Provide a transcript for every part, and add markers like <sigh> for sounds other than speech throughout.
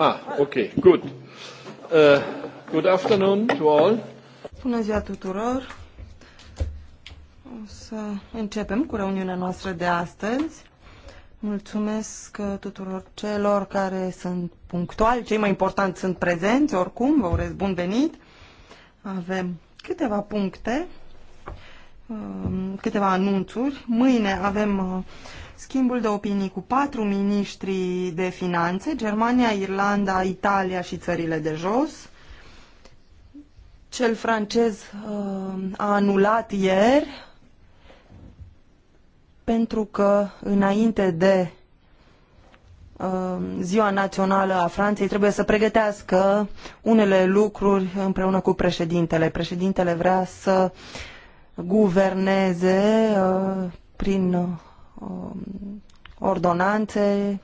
Ah, ok, good. Uh, good afternoon to all. Bună ziua tuturor. O să începem cu reuniunea noastră de astăzi. Mulțumesc uh, tuturor celor care sunt punctuali. Cei mai importanti sunt prezenți, oricum, vă urez bun venit. Avem câteva puncte, um, câteva anunțuri. Mâine avem uh, schimbul de opinii cu patru miniștri de finanțe, Germania, Irlanda, Italia și țările de jos. Cel francez uh, a anulat ieri pentru că înainte de uh, ziua națională a Franței trebuie să pregătească unele lucruri împreună cu președintele. Președintele vrea să guverneze uh, prin Um, ordonanțe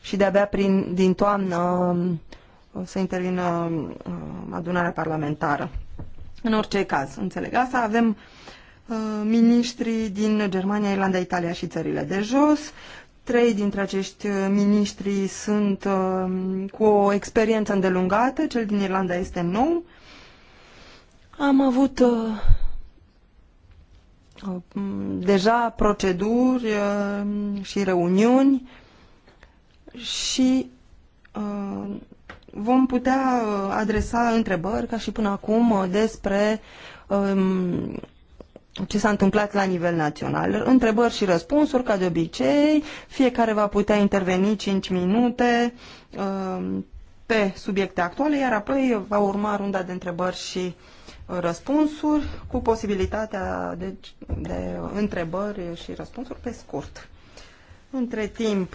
și de-abia prin, din toamnă um, o să intervină um, adunarea parlamentară. În orice caz, înțeleg asta, avem ministrii uh, miniștri din Germania, Irlanda, Italia și țările de jos. Trei dintre acești uh, miniștri sunt cu o experiență îndelungată, cel din Irlanda este nou. Am avut uh, deja proceduri uh, și reuniuni și uh, vom putea uh, adresa întrebări ca și până acum despre um, ce s-a întâmplat la nivel național. Întrebări și răspunsuri, ca de obicei, fiecare va putea interveni 5 minute pe subiecte actuale, iar apoi va urma runda de întrebări și răspunsuri cu posibilitatea de, de întrebări și răspunsuri pe scurt. Între timp,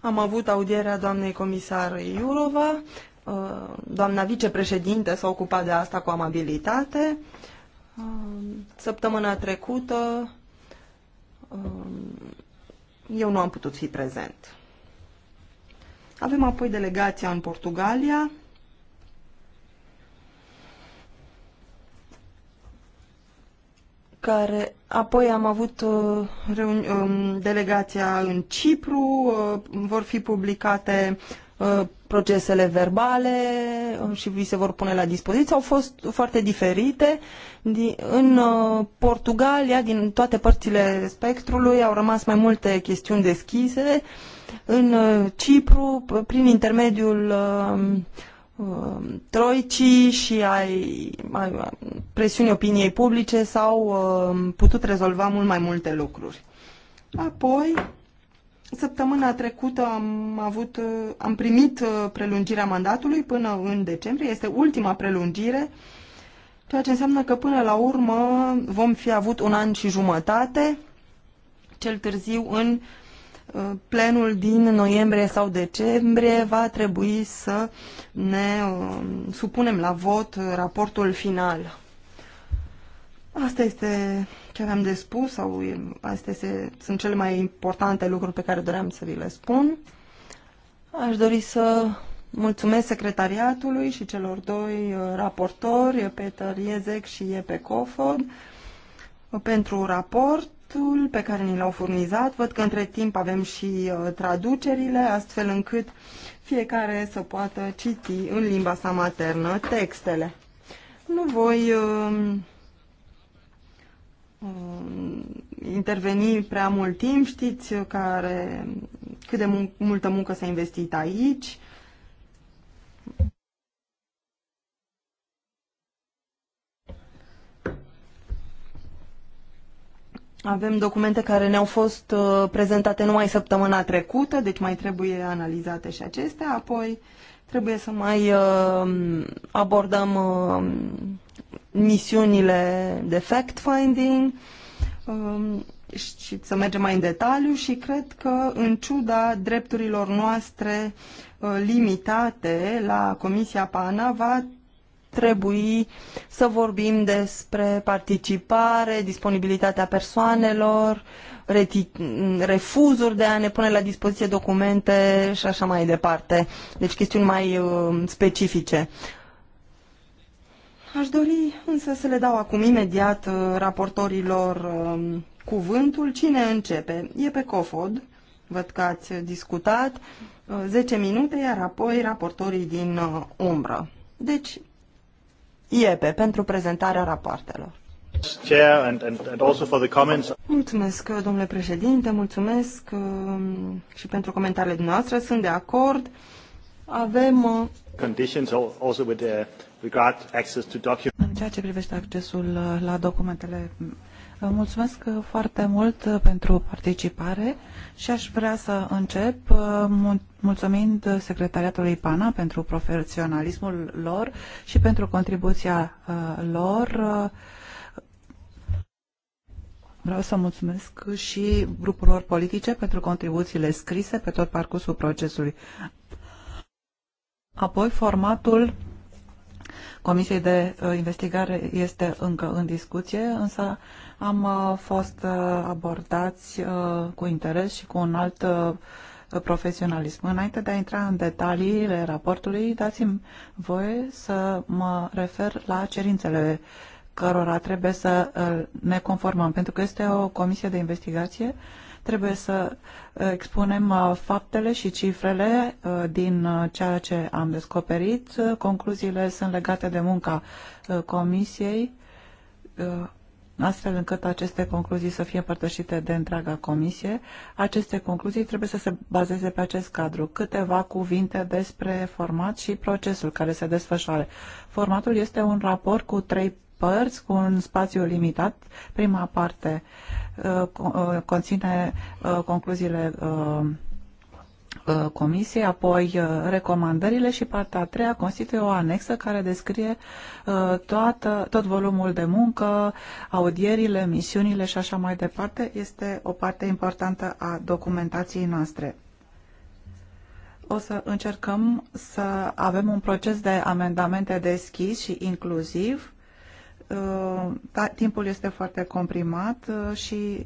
am avut audierea doamnei comisar Iurova, uh, doamna vicepreședinte s-a ocupat de asta cu amabilitate. Uh, săptămâna trecută uh, eu nu am putut fi prezent. Avem apoi delegația în Portugalia, care apoi am avut uh, um, delegația în Cipru, uh, vor fi publicate uh, procesele verbale uh, și vi se vor pune la dispoziție. Au fost foarte diferite. Din, în uh, Portugalia, din toate părțile spectrului, au rămas mai multe chestiuni deschise. În uh, Cipru, prin intermediul Um, troicii și ai, ai presiunii opiniei publice s-au uh, putut rezolva mult mai multe lucruri. Apoi, săptămâna trecută am, avut, uh, am primit uh, prelungirea mandatului până în decembrie. Este ultima prelungire, ceea ce înseamnă că până la urmă vom fi avut un an și jumătate, cel târziu în plenul din noiembrie sau decembrie va trebui să ne um, supunem la vot raportul final. Asta este ce am de spus sau astea este, sunt cele mai importante lucruri pe care doream să vi le spun. Aș dori să mulțumesc secretariatului și celor doi uh, raportori, Peter Iezec și Epe Cofod, pentru raport textul pe care ni l-au furnizat. Văd că între timp avem și uh, traducerile, astfel încât fiecare să poată citi în limba sa maternă textele. Nu voi uh, uh, interveni prea mult timp, știți care, cât de mun- multă muncă s-a investit aici Avem documente care ne-au fost uh, prezentate numai săptămâna trecută, deci mai trebuie analizate și acestea. Apoi trebuie să mai uh, abordăm uh, misiunile de fact-finding și să mergem mai în detaliu și cred că în ciuda drepturilor noastre limitate la Comisia PANA va trebui să vorbim despre participare, disponibilitatea persoanelor, refuzuri de a ne pune la dispoziție documente și așa mai departe. Deci chestiuni mai uh, specifice. Aș dori însă să le dau acum imediat uh, raportorilor um, cuvântul. Cine începe? E pe COFOD. Văd că ați discutat. 10 uh, minute, iar apoi raportorii din umbră. Deci, IEPE pentru prezentarea rapoartelor. Mulțumesc, domnule președinte, mulțumesc um, și pentru comentariile dumneavoastră. Sunt de acord. Avem uh, uh, În ceea ce privește accesul uh, la documentele mulțumesc foarte mult uh, pentru participare și aș vrea să încep uh, mulțumind secretariatului PANA pentru profesionalismul lor și pentru contribuția uh, lor. Vreau să mulțumesc și grupurilor politice pentru contribuțiile scrise pe tot parcursul procesului. Apoi, formatul Comisiei de Investigare este încă în discuție, însă am uh, fost uh, abordați uh, cu interes și cu un alt profesionalism. Înainte de a intra în detaliile raportului, dați-mi voie să mă refer la cerințele cărora trebuie să ne conformăm, pentru că este o comisie de investigație, trebuie să expunem faptele și cifrele din ceea ce am descoperit. Concluziile sunt legate de munca comisiei astfel încât aceste concluzii să fie împărtășite de întreaga comisie. Aceste concluzii trebuie să se bazeze pe acest cadru. Câteva cuvinte despre format și procesul care se desfășoară. Formatul este un raport cu trei părți, cu un spațiu limitat. Prima parte uh, uh, conține uh, concluziile Uh, comisiei, apoi uh, recomandările și partea a treia constituie o anexă care descrie uh, toată, tot volumul de muncă, audierile, misiunile și așa mai departe. Este o parte importantă a documentației noastre o să încercăm să avem un proces de amendamente deschis și inclusiv. Da, timpul este foarte comprimat și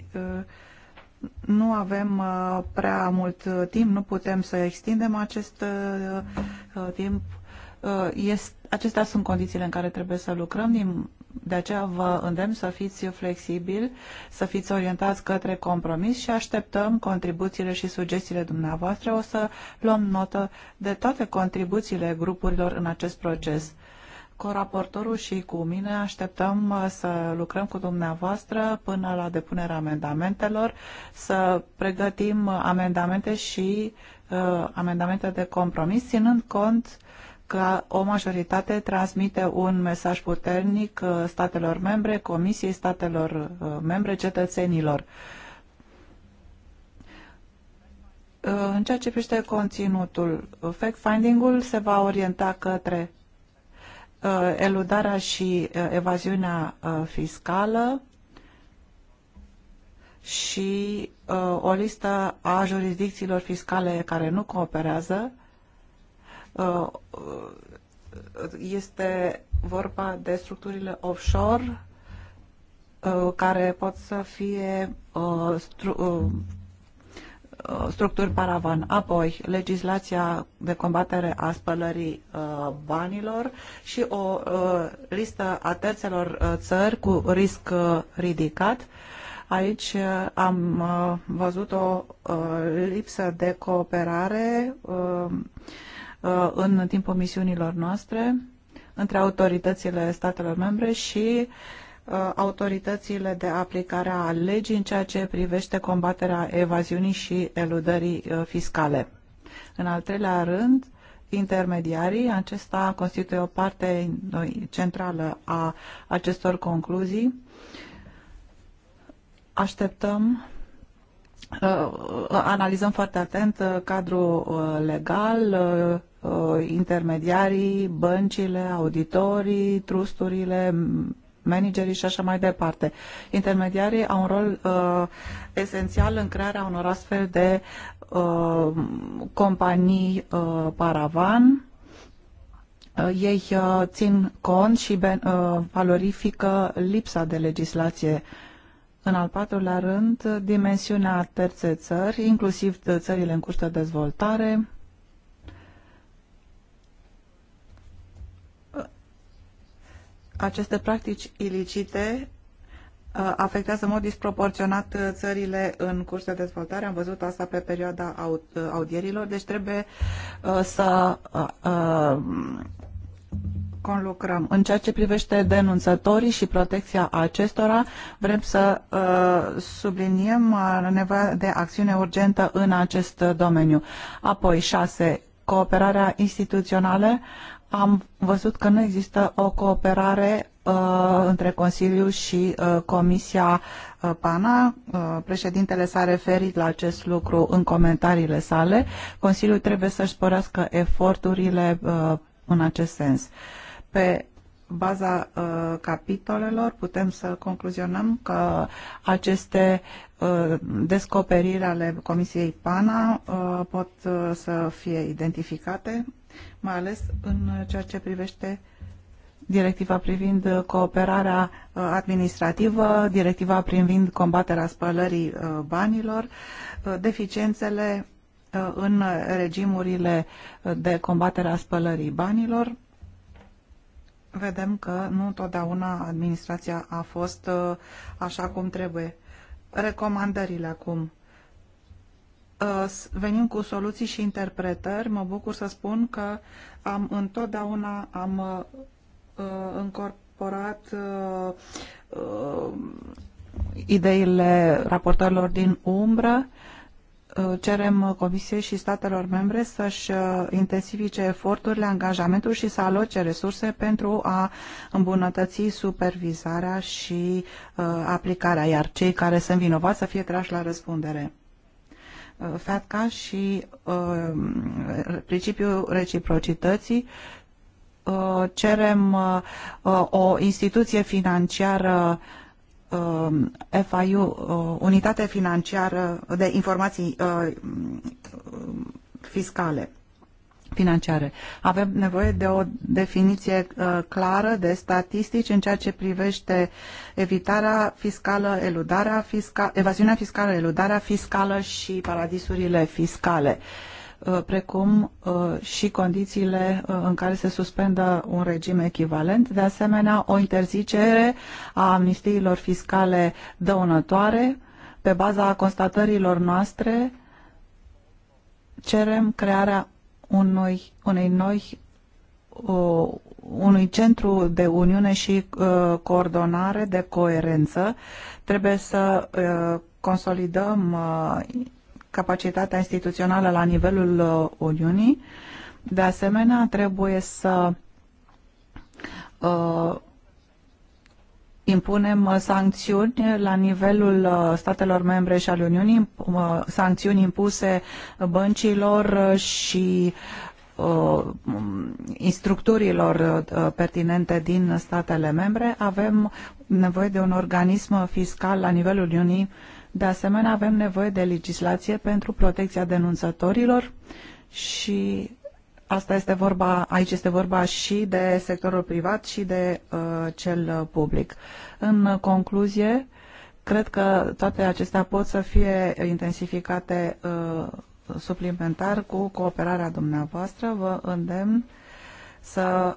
nu avem uh, prea mult uh, timp, nu putem să extindem acest uh, timp. acestea sunt condițiile în care trebuie să lucrăm. de aceea vă îndemn să fiți flexibili, să fiți orientați către compromis și așteptăm contribuțiile și sugestiile dumneavoastră. O să luăm notă de toate contribuțiile grupurilor în acest proces. Coraportorul și cu mine așteptăm uh, să lucrăm cu dumneavoastră până la depunerea amendamentelor, să pregătim uh, amendamente și uh, amendamente de compromis, ținând cont că o majoritate transmite un mesaj puternic uh, statelor membre, Comisiei statelor membre, cetățenilor. În ceea ce privește conținutul, fact-finding-ul se va orienta către Uh, eludarea și uh, evaziunea uh, fiscală și o listă a jurisdicțiilor fiscale care nu cooperează. Este vorba de structurile offshore care pot să fie Uh, structuri paravan. Apoi, legislația de combatere a spălării uh, banilor și o uh, listă a terțelor uh, țări cu risc uh, ridicat. Aici uh, am văzut o lipsă de cooperare în timpul misiunilor noastre între autoritățile statelor membre și Uh, autoritățile de aplicare a legii în ceea ce privește combaterea evaziunii și eludării uh, fiscale. În al treilea rând, intermediarii, acesta constituie o parte uh, centrală a acestor concluzii. Așteptăm analizăm foarte atent cadrul legal, intermediarii, băncile, auditorii, trusturile, managerii și așa mai departe. Intermediarii au un rol uh, esențial în crearea unor astfel de uh, companii uh, paravan. Uh, ei uh, țin cont și ben, uh, valorifică lipsa de legislație în al patrulea rând, dimensiunea terței țări, inclusiv țările în curs de dezvoltare, Aceste practici ilicite uh, afectează în mod disproporționat uh, țările în curs de dezvoltare. Am văzut asta pe perioada uh, audierilor, deci trebuie să conlucrăm. În ceea ce privește denunțătorii și protecția acestora, vrem să subliniem nevoia de acțiune urgentă în acest domeniu. Apoi, șase, cooperarea instituțională am văzut că nu există o cooperare uh, între Consiliu și uh, Comisia uh, PANA. Uh, președintele s-a referit la acest lucru în comentariile sale. Consiliul trebuie să-și spărească eforturile uh, în acest sens. Pe baza uh, capitolelor putem să concluzionăm că aceste uh, descoperiri ale Comisiei PANA uh, pot uh, să fie identificate mai ales în ceea ce privește directiva privind cooperarea uh, administrativă, directiva privind combaterea spălării uh, banilor, uh, deficiențele în regimurile de combatere a spălării banilor. Vedem că nu întotdeauna administrația a fost așa cum trebuie. Recomandările acum venim cu soluții și interpretări. Mă bucur să spun că am întotdeauna am uh, uh încorporat uh, uh, ideile raportărilor din umbră. Uh, cerem Comisiei și statelor membre să-și uh, intensifice eforturile, angajamentul și să aloce resurse pentru a îmbunătăți supervizarea și aplicarea, iar cei care sunt vinovați să fie trași la răspundere Uh, FATCA și uh, principiul reciprocității uh, cerem o instituție financiară FIU, Unitate Financiară de Informații Fiscale financiare. Avem nevoie de o definiție uh, clară de statistici în ceea ce privește evitarea fiscală, eludarea fiscală, evaziunea fiscală, eludarea fiscală și paradisurile fiscale uh, precum uh, și condițiile în care se suspendă un regim echivalent. De asemenea, o interzicere a amnistiilor fiscale dăunătoare pe baza constatărilor noastre cerem crearea unui, unei noi unui centru de uniune și uh, coordonare de coerență. Trebuie să uh, consolidăm uh, capacitatea instituțională la nivelul uh, Uniunii. De asemenea, trebuie să uh, impunem uh, sancțiuni la nivelul uh, statelor membre și al Uniunii, uh, sancțiuni impuse băncilor și instructorilor pertinente din statele membre. Avem nevoie de un organism fiscal la nivelul Uniunii. De asemenea, avem nevoie de legislație pentru protecția denunțătorilor și Asta este vorba, aici este vorba și de sectorul privat și de uh, cel public. În concluzie, cred că toate acestea pot să fie intensificate uh, suplimentar cu cooperarea dumneavoastră. Vă îndemn să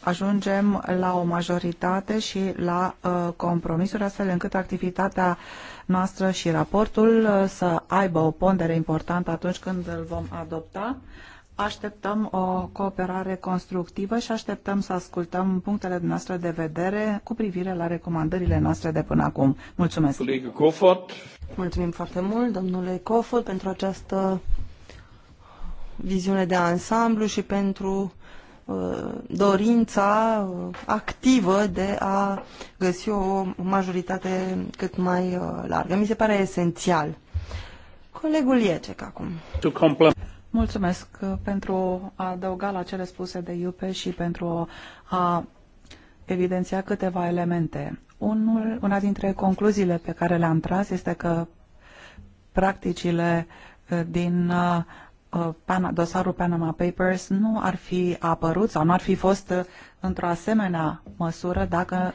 ajungem la o majoritate și la uh, compromisuri, astfel încât activitatea noastră și raportul uh, să aibă o pondere importantă atunci când îl vom adopta. Așteptăm o cooperare constructivă și așteptăm să ascultăm punctele noastre de vedere cu privire la recomandările noastre de până acum. Mulțumesc! Mulțumim foarte mult, domnule Cofot, pentru această viziune de ansamblu și pentru uh, dorința uh, activă de a găsi o majoritate cât mai uh, largă. Mi se pare esențial. Colegul Iecec acum. Mulțumesc uh, pentru a adăuga la cele spuse de Iupe și pentru a evidenția câteva elemente. Unul, una dintre concluziile pe care le-am tras este că practicile uh, din uh, dosarul Panama Papers nu ar fi apărut sau nu ar fi fost într-o asemenea măsură dacă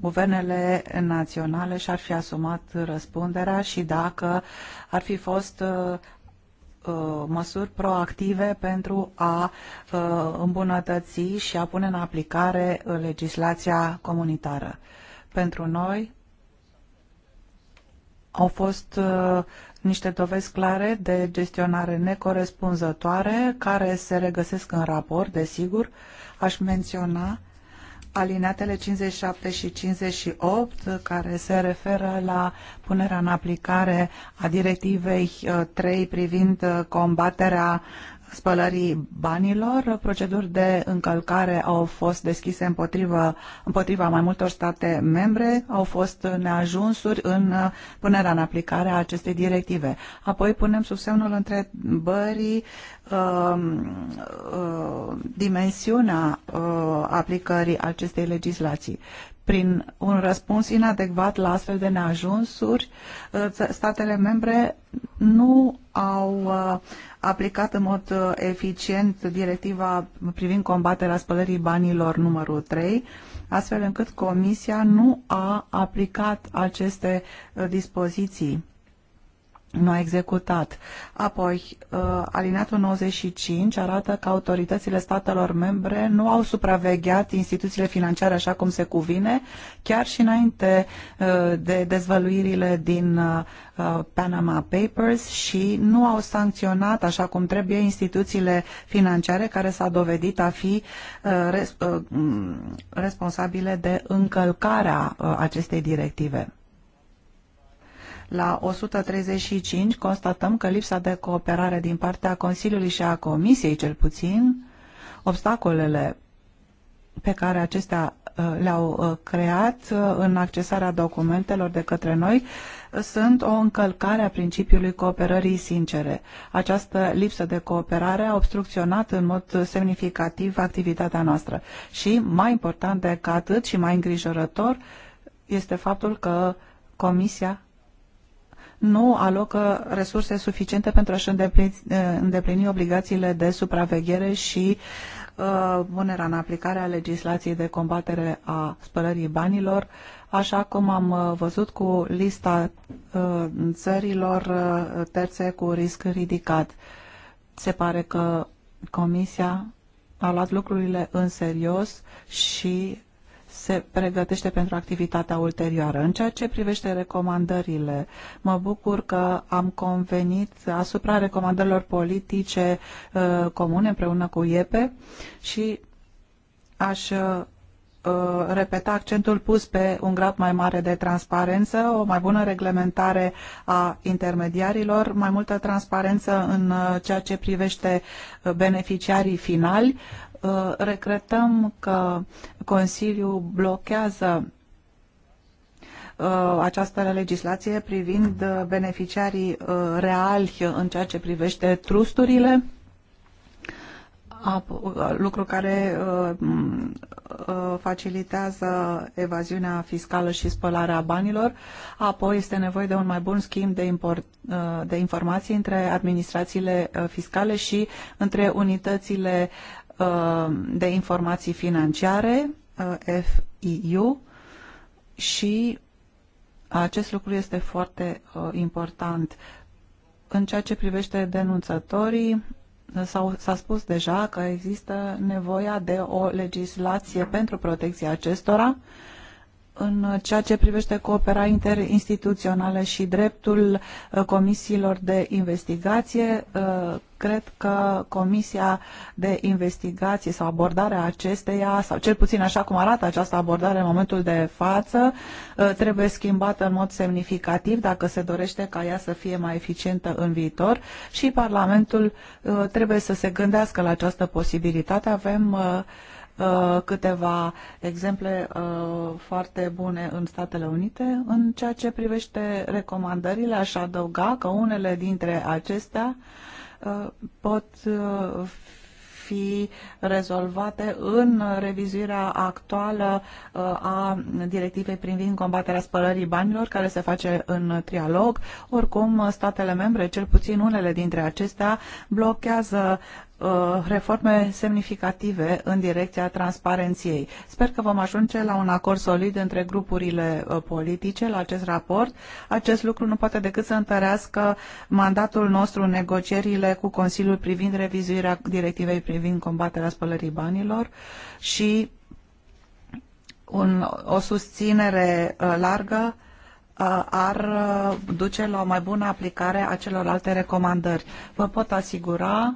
guvernele naționale și-ar fi asumat răspunderea și dacă ar fi fost Uh, măsuri proactive pentru a uh, îmbunătăți și a pune în aplicare uh, legislația comunitară. Pentru noi au fost niște dovezi clare de gestionare necorespunzătoare care se regăsesc în raport, desigur. Aș menționa alinatele 57 și 58 care se referă la punerea în aplicare a directivei 3 uh, privind uh, combaterea spălării banilor. Proceduri de încălcare au fost deschise împotriva, împotriva mai multor state membre, au fost neajunsuri în punerea în aplicare a acestei directive. Apoi punem sub semnul întrebării uh, uh, dimensiunea uh, aplicării acestei legislații prin un răspuns inadecvat la astfel de neajunsuri, uh, statele membre nu au uh, aplicat în mod uh, eficient directiva privind combaterea spălării banilor numărul 3, astfel încât Comisia nu a aplicat aceste dispoziții nu a executat. Apoi, uh, alineatul 95 arată că autoritățile statelor membre nu au supravegheat instituțiile financiare așa cum se cuvine, chiar și înainte uh, de dezvăluirile din uh, Panama Papers și nu au sancționat așa cum trebuie instituțiile financiare care s-a dovedit a fi mm, responsabile de încălcarea acestei directive. La 135 constatăm că lipsa de cooperare din partea Consiliului și a Comisiei, cel puțin, obstacolele pe care acestea uh, le-au uh, creat uh, în accesarea documentelor de către noi sunt o încălcare a principiului cooperării sincere. Această lipsă de cooperare a obstrucționat în mod semnificativ activitatea noastră și, mai important decât atât și mai îngrijorător, este faptul că Comisia nu alocă resurse suficiente pentru a-și îndeplini, eh, îndeplini obligațiile de supraveghere și uh, punerea în aplicare a legislației de combatere a spălării banilor, așa cum am eh, văzut cu lista uh, țărilor uh, terțe cu risc ridicat. Se pare că Comisia a luat lucrurile în serios și se pregătește pentru activitatea ulterioară. În ceea ce privește recomandările, mă bucur că am convenit asupra recomandărilor politice uh, comune împreună cu IEPE și aș uh, uh, repeta accentul pus pe un grad mai mare de transparență, o mai bună reglementare a intermediarilor, mai multă transparență în uh, ceea ce privește uh, beneficiarii finali, Ă, regretăm că Consiliul blochează ă, această legislație privind beneficiarii ă, reali în ceea ce privește trusturile, lucru care facilitează evaziunea fiscală și spălarea banilor. Apoi este nevoie de un mai bun schimb de, import, de informații între administrațiile fiscale și între unitățile Uh, de informații financiare, uh, FIU, și acest lucru este foarte uh, important. În ceea ce privește denunțătorii, s-a spus deja că există nevoia de o legislație pentru protecția acestora, uh, în ceea ce privește cooperarea interinstituțională și dreptul uh, comisiilor de investigație, uh, cred că comisia de investigație sau abordarea acesteia, sau cel puțin așa cum arată această abordare în momentul de față, uh, trebuie schimbată în mod semnificativ dacă se dorește ca ea să fie mai eficientă în viitor și Parlamentul trebuie să se gândească la această posibilitate. Avem da. Uh, câteva exemple uh, foarte bune în Statele Unite. În ceea ce privește recomandările, aș adăuga că unele dintre acestea uh, pot fi rezolvate în revizuirea actuală a directivei privind combaterea spălării banilor care se face în trialog. Oricum, statele membre, cel puțin unele dintre acestea, blochează Uh, reforme semnificative în direcția transparenției. Sper că vom ajunge la un acord solid între grupurile uh, politice la acest raport. Acest lucru nu poate decât să întărească mandatul nostru în negocierile cu Consiliul privind revizuirea directivei privind combaterea spălării banilor și un, o susținere uh, largă ar duce la o mai bună aplicare a celorlalte recomandări. Vă pot asigura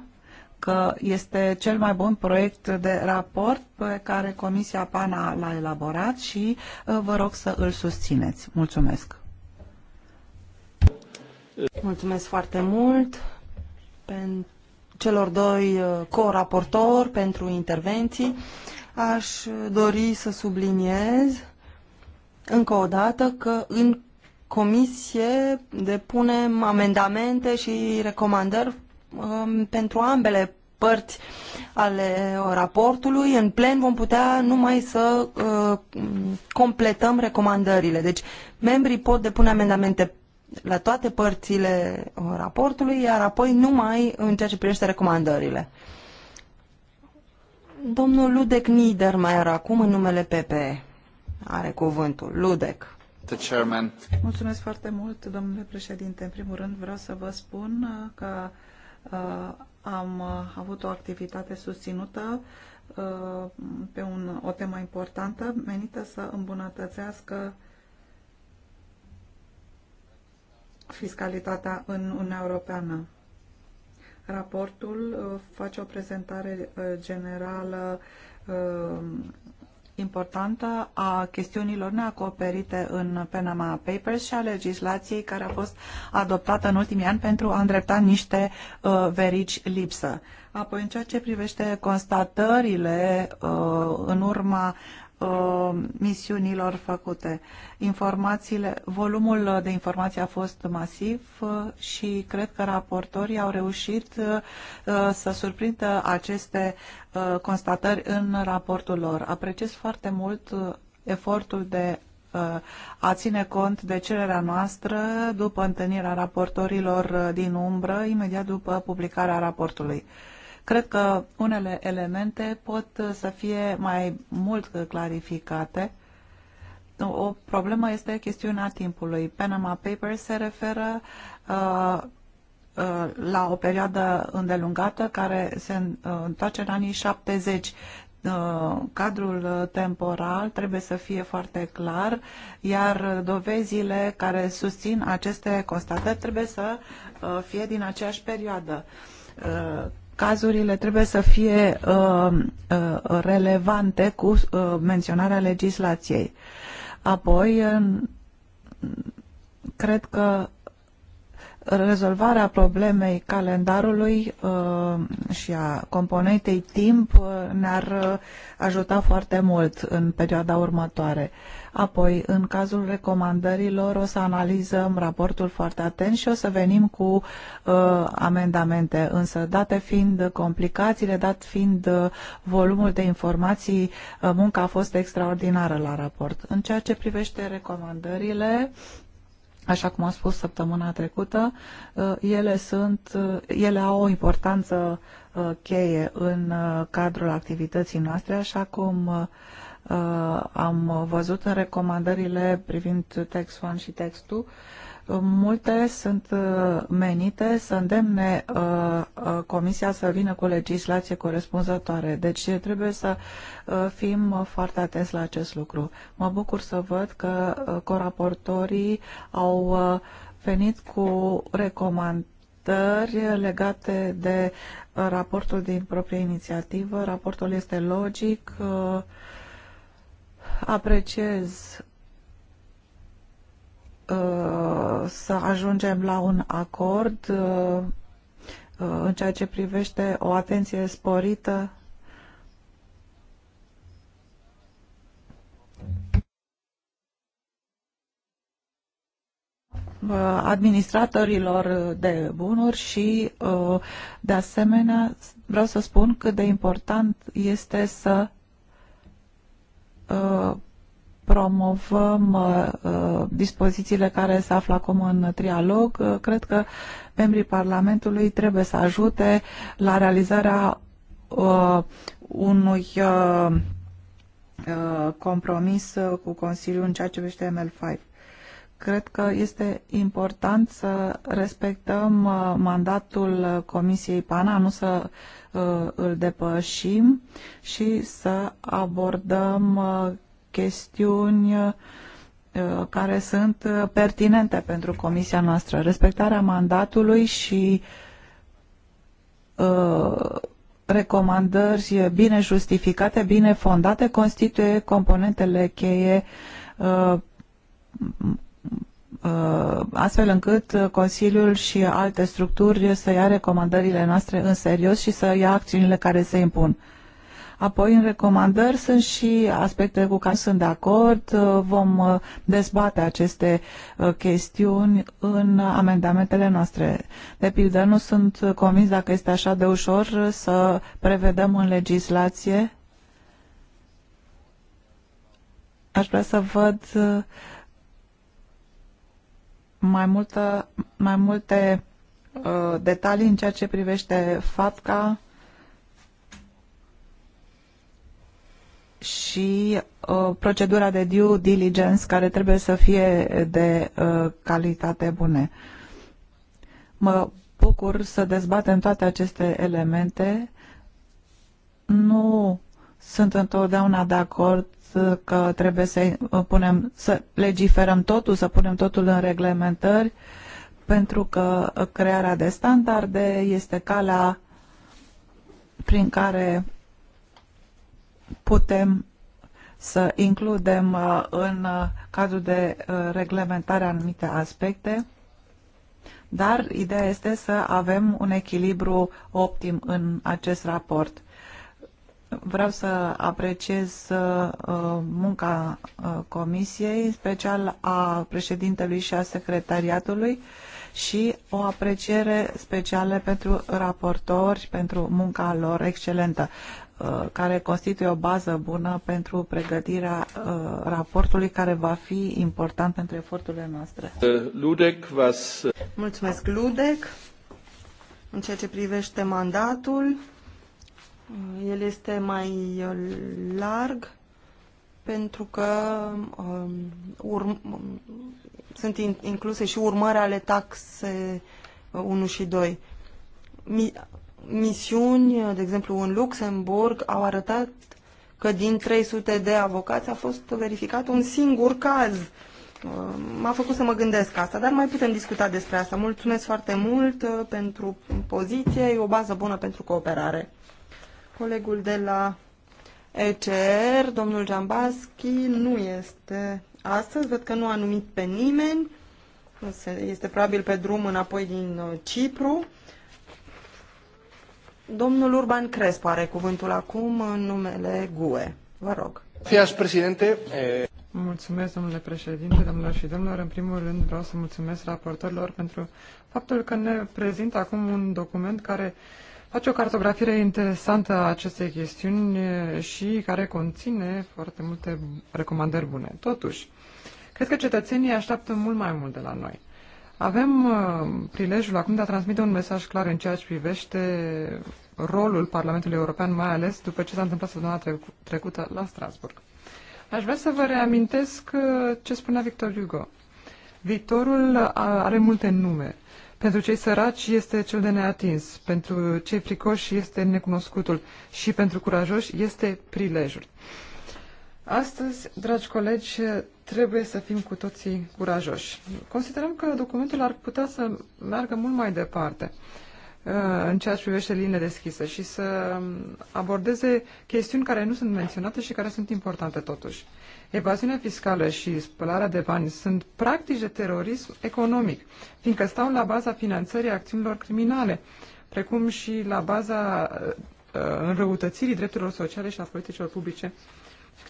că este cel mai bun proiect de raport pe care Comisia PANA l-a elaborat și uh, vă rog să îl susțineți. Mulțumesc! Mulțumesc foarte mult pentru celor doi uh, co-raportori pentru intervenții. Aș dori să subliniez încă o dată că în comisie depunem amendamente și recomandări Um, pentru ambele părți ale uh, raportului. În plen vom putea numai să uh, completăm recomandările. Deci membrii pot depune amendamente la toate părțile uh, raportului, iar apoi numai în ceea ce privește recomandările. Domnul Ludec Niedermayer, acum în numele PPE, are cuvântul. Ludec. Mulțumesc foarte mult, domnule președinte. În primul rând vreau să vă spun uh, că uh, Uh, am uh, avut o activitate susținută uh, pe un, o temă importantă menită să îmbunătățească fiscalitatea în Uniunea Europeană. Raportul face o prezentare generală importantă a chestiunilor neacoperite în Panama Papers și a legislației care a fost adoptată în ultimii ani pentru a îndrepta niște uh, verici lipsă. Apoi, în ceea ce privește constatările uh, în urma Uh, misiunilor făcute. Informațiile, volumul de informații a fost masiv uh, și cred că raportorii au reușit uh, să surprindă aceste constatări în raportul lor. Apreciez foarte mult efortul de a ține cont de cererea noastră după întâlnirea raportorilor din umbră, imediat după publicarea raportului. Cred că unele elemente pot să fie mai mult clarificate. O problemă este chestiunea timpului. Panama Papers se referă uh, uh, la o perioadă îndelungată care se uh, întoarce în anii 70 uh, cadrul temporal trebuie să fie foarte clar, iar dovezile care susțin aceste constatări trebuie să uh, fie din aceeași perioadă cazurile trebuie să fie uh, uh, relevante cu uh, menționarea legislației. Apoi, cred că rezolvarea problemei calendarului uh, și a componentei timp uh, ne-ar uh, ajuta foarte mult în perioada următoare. Uh, Apoi, în cazul recomandărilor, o să analizăm raportul foarte atent și o să venim cu uh, amendamente. Însă, date fiind complicațiile, dat fiind uh, volumul de informații, uh, munca a fost extraordinară la raport. În ceea ce privește recomandările, Așa cum am spus săptămâna trecută, uh, ele, sunt, uh, ele au o importanță uh, cheie în cadrul activității noastre, așa cum Uh, am văzut în recomandările privind text 1 și text 2, uh, multe sunt uh, menite să îndemne Comisia să vină cu legislație corespunzătoare. Deci trebuie să fim foarte atenți la acest lucru. Mă bucur să văd că coraportorii au venit cu recomandări legate de raportul din proprie inițiativă. Raportul este logic, apreciez uh, să ajungem la un acord uh, uh, în ceea ce privește o atenție sporită administratorilor de bunuri și de asemenea vreau să spun cât de important este să Uh, promovăm uh, uh, dispozițiile care se află acum în trialog. Cred că membrii Parlamentului trebuie să ajute la realizarea unui compromis cu Consiliul în ceea ce privește ML5. Cred că este important să respectăm uh, mandatul uh, Comisiei PANA, nu să uh, îl depășim și să abordăm chestiuni care sunt pertinente pentru comisia noastră. Respectarea mandatului și recomandări bine justificate, bine fondate, constituie componentele cheie Uh, astfel încât Consiliul și alte structuri să ia recomandările noastre în serios și să ia acțiunile care se impun. Apoi, în recomandări sunt și aspecte cu care sunt de acord. Uh, vom uh, dezbate aceste chestiuni în amendamentele noastre. De pildă, nu sunt convins dacă este așa de ușor să prevedem în legislație. Aș vrea să văd mai, multă, mai multe uh, detalii în ceea ce privește FATCA și uh, procedura de due diligence care trebuie să fie de uh, calitate bune. Mă bucur să dezbatem toate aceste elemente. Nu sunt întotdeauna de acord că trebuie să uh, punem, să legiferăm totul, să punem totul în reglementări, pentru că uh, crearea de standarde este calea prin care putem să includem uh, în cadrul de reglementare anumite aspecte, dar ideea este să avem un echilibru optim în acest raport. Vreau să apreciez uh, munca uh, comisiei, în special a președintelui și a secretariatului și o apreciere specială pentru raportori, pentru munca lor excelentă uh, care constituie o bază bună pentru pregătirea raportului care va fi important pentru eforturile noastre. Ludec was... Mulțumesc, Ludec. În ceea ce privește mandatul, el este mai uh, larg pentru că um, urm, um, sunt in, incluse și urmări ale taxe 1 uh, și 2. Mi, misiuni, uh, de exemplu, în Luxemburg au arătat că din 300 de avocați a fost verificat un singur caz. M-a făcut să mă gândesc asta, dar mai putem discuta despre asta. Mulțumesc foarte mult pentru poziție, e o bază bună pentru cooperare. Colegul de la ECR, domnul Jambaschi, nu este astăzi. Văd că nu a numit pe nimeni. Este probabil pe drum înapoi din uh, Cipru. Domnul Urban Crespo are cuvântul acum în numele GUE. Vă rog. Fiaș, președinte. Eh, mulțumesc, domnule președinte, domnilor și domnilor. În primul rând vreau să mulțumesc raportorilor pentru faptul că ne prezintă acum un document care face o cartografie interesantă a acestei chestiuni și care conține foarte multe recomandări bune. Totuși, cred că cetățenii așteaptă mult mai mult de la noi. Avem prilejul acum de a transmite un mesaj clar în ceea ce privește rolul Parlamentului European, mai ales după ce s-a întâmplat săptămâna trecută la Strasburg. Aș vrea să vă reamintesc ce spunea Victor Hugo. Victorul are multe nume pentru cei săraci este cel de neatins, pentru cei fricoși este necunoscutul și pentru curajoși este prilejul. Astăzi, dragi colegi, trebuie să fim cu toții curajoși. Considerăm că documentul ar putea să meargă mult mai departe uh, în ceea ce privește linia deschise și să abordeze chestiuni care nu sunt menționate și care sunt importante totuși. Evaziunea fiscală și spălarea de bani sunt practici de terorism economic, fiindcă stau la baza finanțării acțiunilor criminale, precum și la baza uh, uh, înrăutățirii drepturilor sociale și a politicilor publice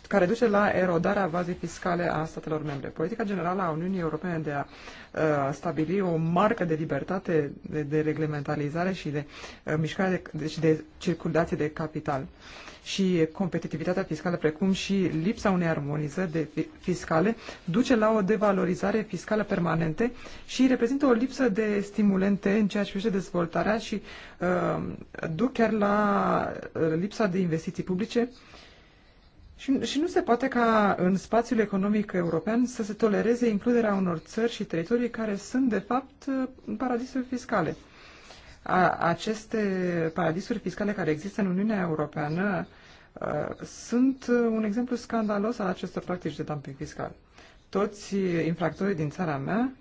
care duce la erodarea bazei fiscale a statelor membre. Politica generală a Uniunii Europene de a uh, stabili o marcă de libertate, de, de reglementalizare și de uh, mișcare de, de, și de circulație de capital. Uh, și competitivitatea fiscală, precum și lipsa unei armonizări de fiscale, duce la o devalorizare fiscală permanente și reprezintă o lipsă de stimulente în ceea ce privește dezvoltarea și uh, duc chiar la uh, lipsa de investiții publice și, și nu se poate ca în spațiul economic european să se tolereze includerea unor țări și teritorii care sunt, de fapt, uh, paradisuri fiscale aceste paradisuri fiscale care există în Uniunea Europeană sunt un exemplu scandalos al acestor practici de dumping fiscal. Toți infractorii din țara mea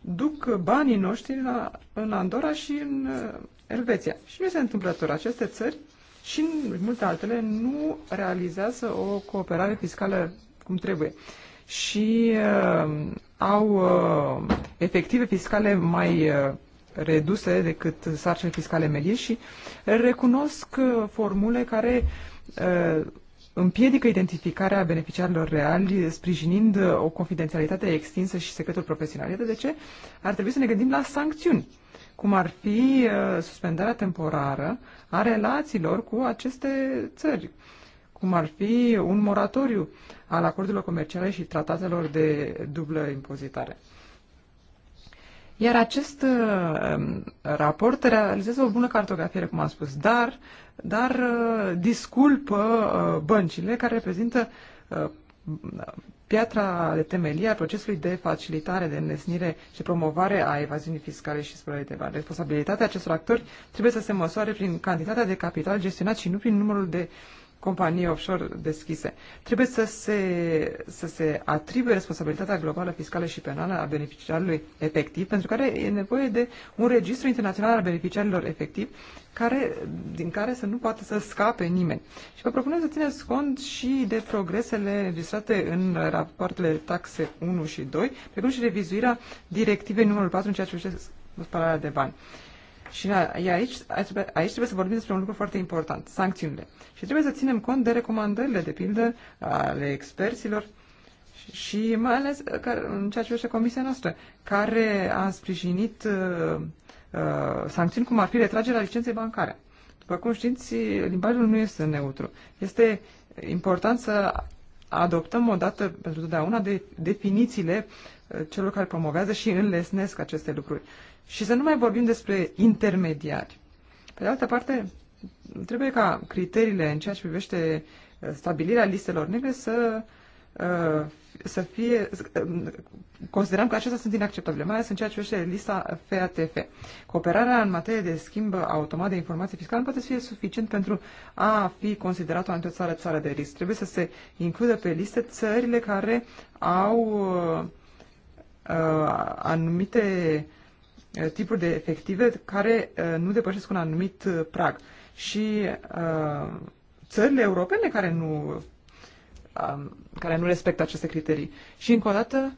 duc banii noștri la, în Andorra și în Elveția. Și nu este tot. Aceste țări și în multe altele nu realizează o cooperare fiscală cum trebuie și uh, au uh, efective fiscale mai uh, reduse decât sarcele fiscale medie și recunosc uh, formule care uh, împiedică identificarea beneficiarilor reali, sprijinind uh, o confidențialitate extinsă și secretul profesional. Iată de ce ar trebui să ne gândim la sancțiuni, cum ar fi suspendarea temporară a relațiilor cu aceste țări, cum ar fi un moratoriu al acordurilor comerciale și tratatelor de dublă impozitare. Iar acest uh, raport realizează o bună cartografiere, cum am spus, dar, dar uh, disculpă uh, băncile care reprezintă piatra de temelie a procesului de facilitare, de îndesnire și promovare a evaziunii fiscale și spălării de bani. Responsabilitatea acestor actori trebuie să se măsoare prin cantitatea de capital gestionat și nu prin numărul de uh, companii offshore deschise. Trebuie să se, să se atribuie responsabilitatea globală fiscală și penală a beneficiarului efectiv, pentru care e nevoie de un registru internațional al beneficiarilor efectiv, care, din care să nu poată să scape nimeni. Și vă propunem să țineți cont și de progresele înregistrate în rapoartele taxe 1 și 2, precum și revizuirea directivei numărul 4 în ceea ce privește spălarea de bani. Uh, și aici, aici trebuie să vorbim despre un lucru foarte important, sancțiunile. Și trebuie să ținem cont de recomandările, de pildă, ale experților și mai ales în ceea ce privește comisia noastră, care a sprijinit uh, uh, sancțiuni cum ar fi retragerea licenței bancare. După cum știți, limbajul nu este neutru. Este important să adoptăm odată pentru totdeauna de definițiile uh, celor care promovează și înlesnesc aceste lucruri și să nu mai vorbim despre intermediari. Pe de altă parte, trebuie ca criteriile în ceea ce privește uh, stabilirea listelor negre să uh, să fie, um, considerăm că acestea sunt inacceptabile, mai ales în ceea ce privește lista FATF. Cooperarea în materie de schimb automat de informații fiscale poate să fie suficient pentru a fi considerată o anumită țară țară de risc. Trebuie să se includă pe liste țările care au uh, uh anumite uh, Uh, tipuri de efective care uh, nu depășesc un anumit uh, prag. Și țările europene care nu, um, care nu respectă aceste criterii. Și încă o dată,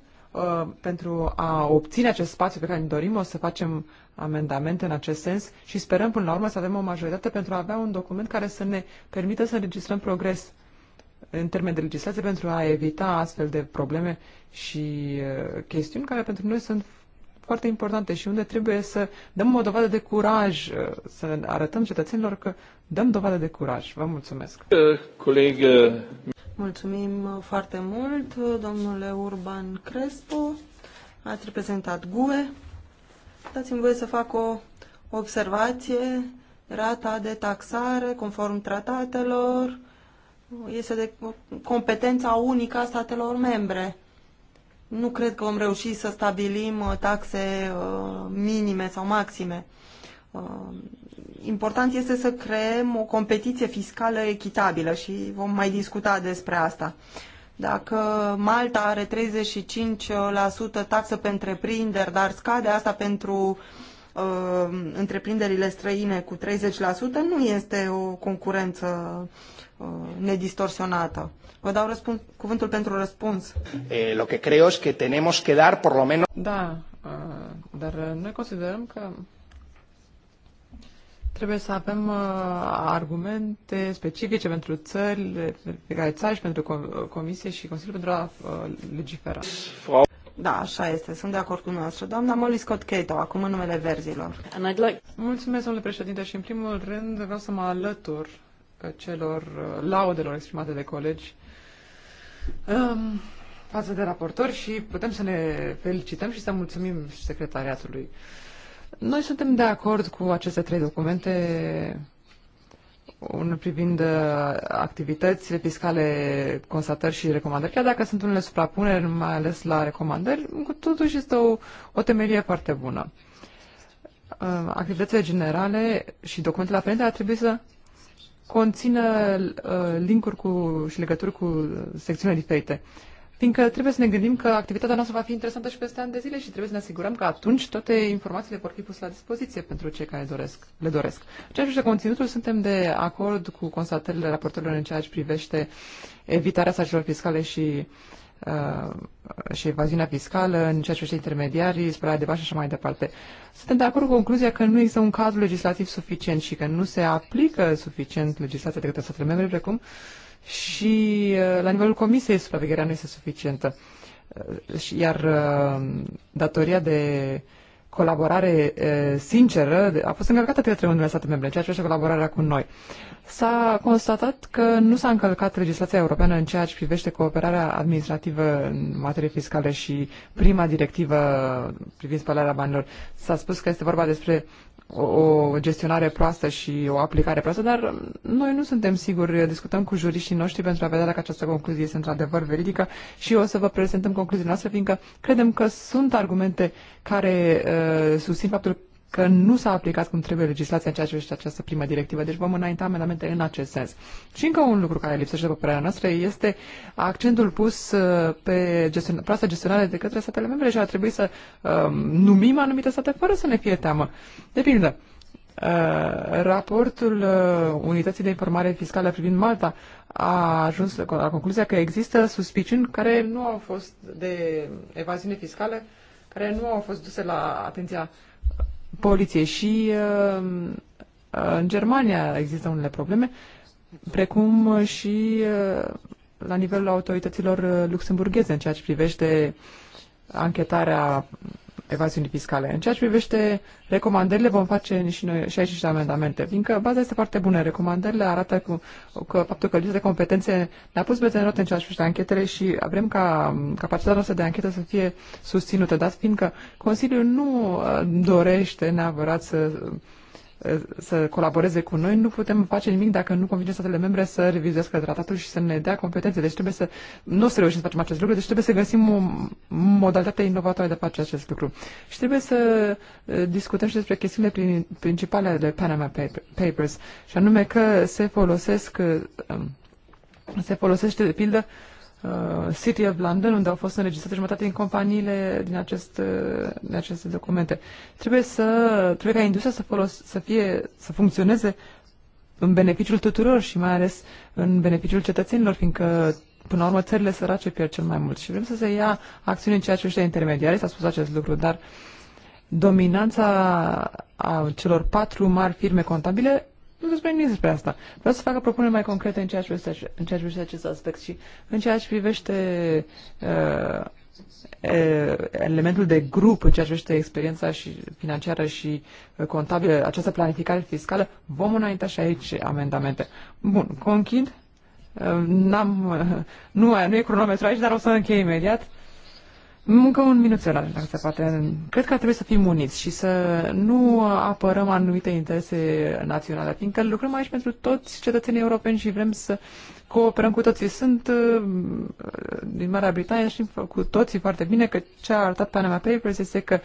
pentru a obține acest spațiu pe care îl dorim, o să facem amendamente în acest sens și sperăm până la urmă să avem o majoritate pentru a avea un document care să ne permită să înregistrăm progres în termen de legislație pentru a evita astfel de probleme și chestiuni care pentru noi sunt foarte importante și unde trebuie să dăm o dovadă de curaj, uh, să arătăm cetățenilor că dăm dovadă de curaj. Vă mulțumesc. Uh, Colegă. Uh, Mulțumim foarte mult, domnule Urban Crespo. Ați reprezentat GUE. Dați-mi voie să fac o observație. Rata de taxare, conform tratatelor, este de competența unică a statelor membre nu cred că vom reuși să stabilim uh, taxe uh, minime sau maxime. Uh, important este să creăm o competiție fiscală echitabilă și vom mai discuta despre asta. Dacă Malta are 35% taxă pe întreprinderi, dar scade asta pentru uh, uh, întreprinderile străine cu 30% nu este o concurență uh, nedistorsionată. Vă dau răspuns, cuvântul pentru răspuns. Eh, lo que creo es que tenemos que dar por lo menos... Da, uh, dar uh, noi considerăm că trebuie să avem uh, argumente specifice pentru țările, pe care țară și pentru Comisie și Consiliul pentru a uh, legifera. Da, așa este. Sunt de acord cu noastră. Doamna Molly Scott Cato, acum în numele verzilor. And I'd like... Mulțumesc, domnule președinte, și în primul rând vreau să mă alătur celor uh, laudelor exprimate de colegi um, față de raportori și putem să ne felicităm și să mulțumim secretariatului. Noi suntem de acord cu aceste trei documente unul privind uh, activitățile fiscale, constatări și recomandări, chiar dacă sunt unele suprapuneri, mai ales la recomandări, totuși este o, o temerie foarte bună. Uh, activitățile generale și documentele aferente ar trebui să conțină uh, linkuri cu, și legături cu secțiunile diferite fiindcă trebuie să ne gândim că activitatea noastră va fi interesantă și peste ani de zile și trebuie să ne asigurăm că atunci toate informațiile vor fi puse la dispoziție pentru cei care doresc, le doresc. În ceea ce conținutul, suntem de acord cu constatările raportorilor în ceea ce privește evitarea sarcilor fiscale și uh, și evaziunea fiscală, în ceea ce privește intermediarii, spălarea de bani și așa mai departe. Suntem de acord cu concluzia că nu există un cadru legislativ suficient și că nu se aplică suficient legislația de către statele membre, precum uh, și uh, la nivelul comisiei supravegherea nu este suficientă. Uh, iar uh, datoria de colaborare sinceră a fost încălcată de către unele state membre, ceea ce privește colaborarea cu noi. S-a constatat că nu s-a încălcat legislația europeană în ceea ce privește cooperarea administrativă în materie fiscală și prima directivă privind spălarea banilor. S-a spus că este vorba despre o gestionare proastă și o aplicare proastă, dar noi nu suntem siguri, discutăm cu juriștii noștri pentru a vedea dacă această concluzie este într-adevăr veridică și o să vă prezentăm concluziile noastre, fiindcă credem că sunt argumente care uh, susțin faptul că nu s-a aplicat cum trebuie legislația în ceea ce această primă directivă. Deci vom înainta amendamente în acest sens. Și încă un lucru care lipsește după părerea noastră este accentul pus uh, pe gestion- proastă gestionare de către statele membre și ar trebui să uh, numim anumite state fără să ne fie teamă. De pildă, Uh, raportul uh, Unității de Informare Fiscală privind Malta a ajuns la concluzia că există suspiciuni care nu au fost de evaziune fiscală, care nu au fost duse la atenția poliție și uh, uh, în Germania există unele probleme, precum și uh, la nivelul autorităților luxemburgheze în ceea ce privește anchetarea evaziunii fiscale. În ceea ce privește recomandările, vom face și noi 60 de amendamente, fiindcă baza este foarte bună. Recomandările arată cu, că faptul că lipsa de competențe ne-a pus pe în în ceea ce privește anchetele și vrem ca mm, capacitatea noastră de anchetă să fie susținută, dat fiindcă Consiliul nu uh, dorește neapărat să să colaboreze cu noi, nu putem face nimic dacă nu convingem statele membre să revizuiască tratatul și să ne dea competențe. Deci trebuie să, nu o să reușim să facem acest lucru, deci trebuie să găsim o modalitate inovatoare de a face acest lucru. Și trebuie să uh, discutăm și despre chestiunile principale ale Panama Papers, și anume că se folosesc, uh, um, se folosește, de pildă, uh, Uh, City of London, unde au fost înregistrate jumătate din companiile din, acest, uh, din aceste documente. Trebuie, să, trebuie ca industria să, folos, să, fie, să funcționeze în beneficiul tuturor și mai ales în beneficiul cetățenilor, fiindcă până la urmă țările sărace pierd cel mai mult și vrem să se ia acțiune în ceea ce privește intermediare, s-a spus acest lucru, dar dominanța a celor patru mari firme contabile nu despre spune nimic despre asta. Vreau să facă propuneri mai concrete în ceea ce privește, în ceea ce privește acest aspect și în ceea ce privește uh, elementul de grup în ceea ce privește experiența și financiară și uh, contabilă, această planificare fiscală, vom înainta și aici amendamente. Bun, conchid. Uh, n-am, uh, nu, nu e cronometru aici, dar o să închei imediat. Încă un minuțel, dacă se poate. Cred că ar trebui să fim uniți și să nu apărăm anumite interese naționale, fiindcă lucrăm aici pentru toți cetățenii europeni și vrem să cooperăm cu toții. Sunt uh, din Marea Britanie și cu toții foarte bine că ce a arătat Panama Papers este că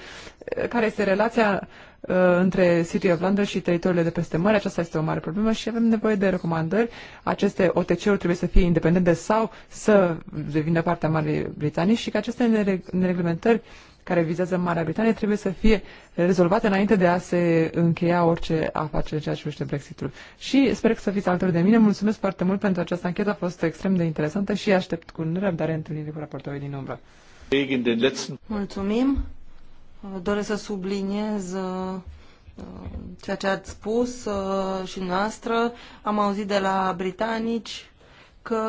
care este relația între City of London și teritoriile de peste mare. Aceasta este o mare problemă și avem nevoie de recomandări. Aceste OTC-uri trebuie să fie independente sau să devină partea Marii Britanii și că aceste nereglementări care vizează Marea Britanie trebuie să fie rezolvate înainte de a se încheia orice afacere ceea ce privește Brexitul. Și sper că să fiți alături de mine. Mulțumesc foarte mult pentru această anchetă, a fost extrem de interesantă și aștept cu nerăbdare întâlnirii cu raportorii din umbră. Mulțumim doresc să subliniez uh, uh, ceea ce ați spus uh, și noastră. Am auzit de la britanici că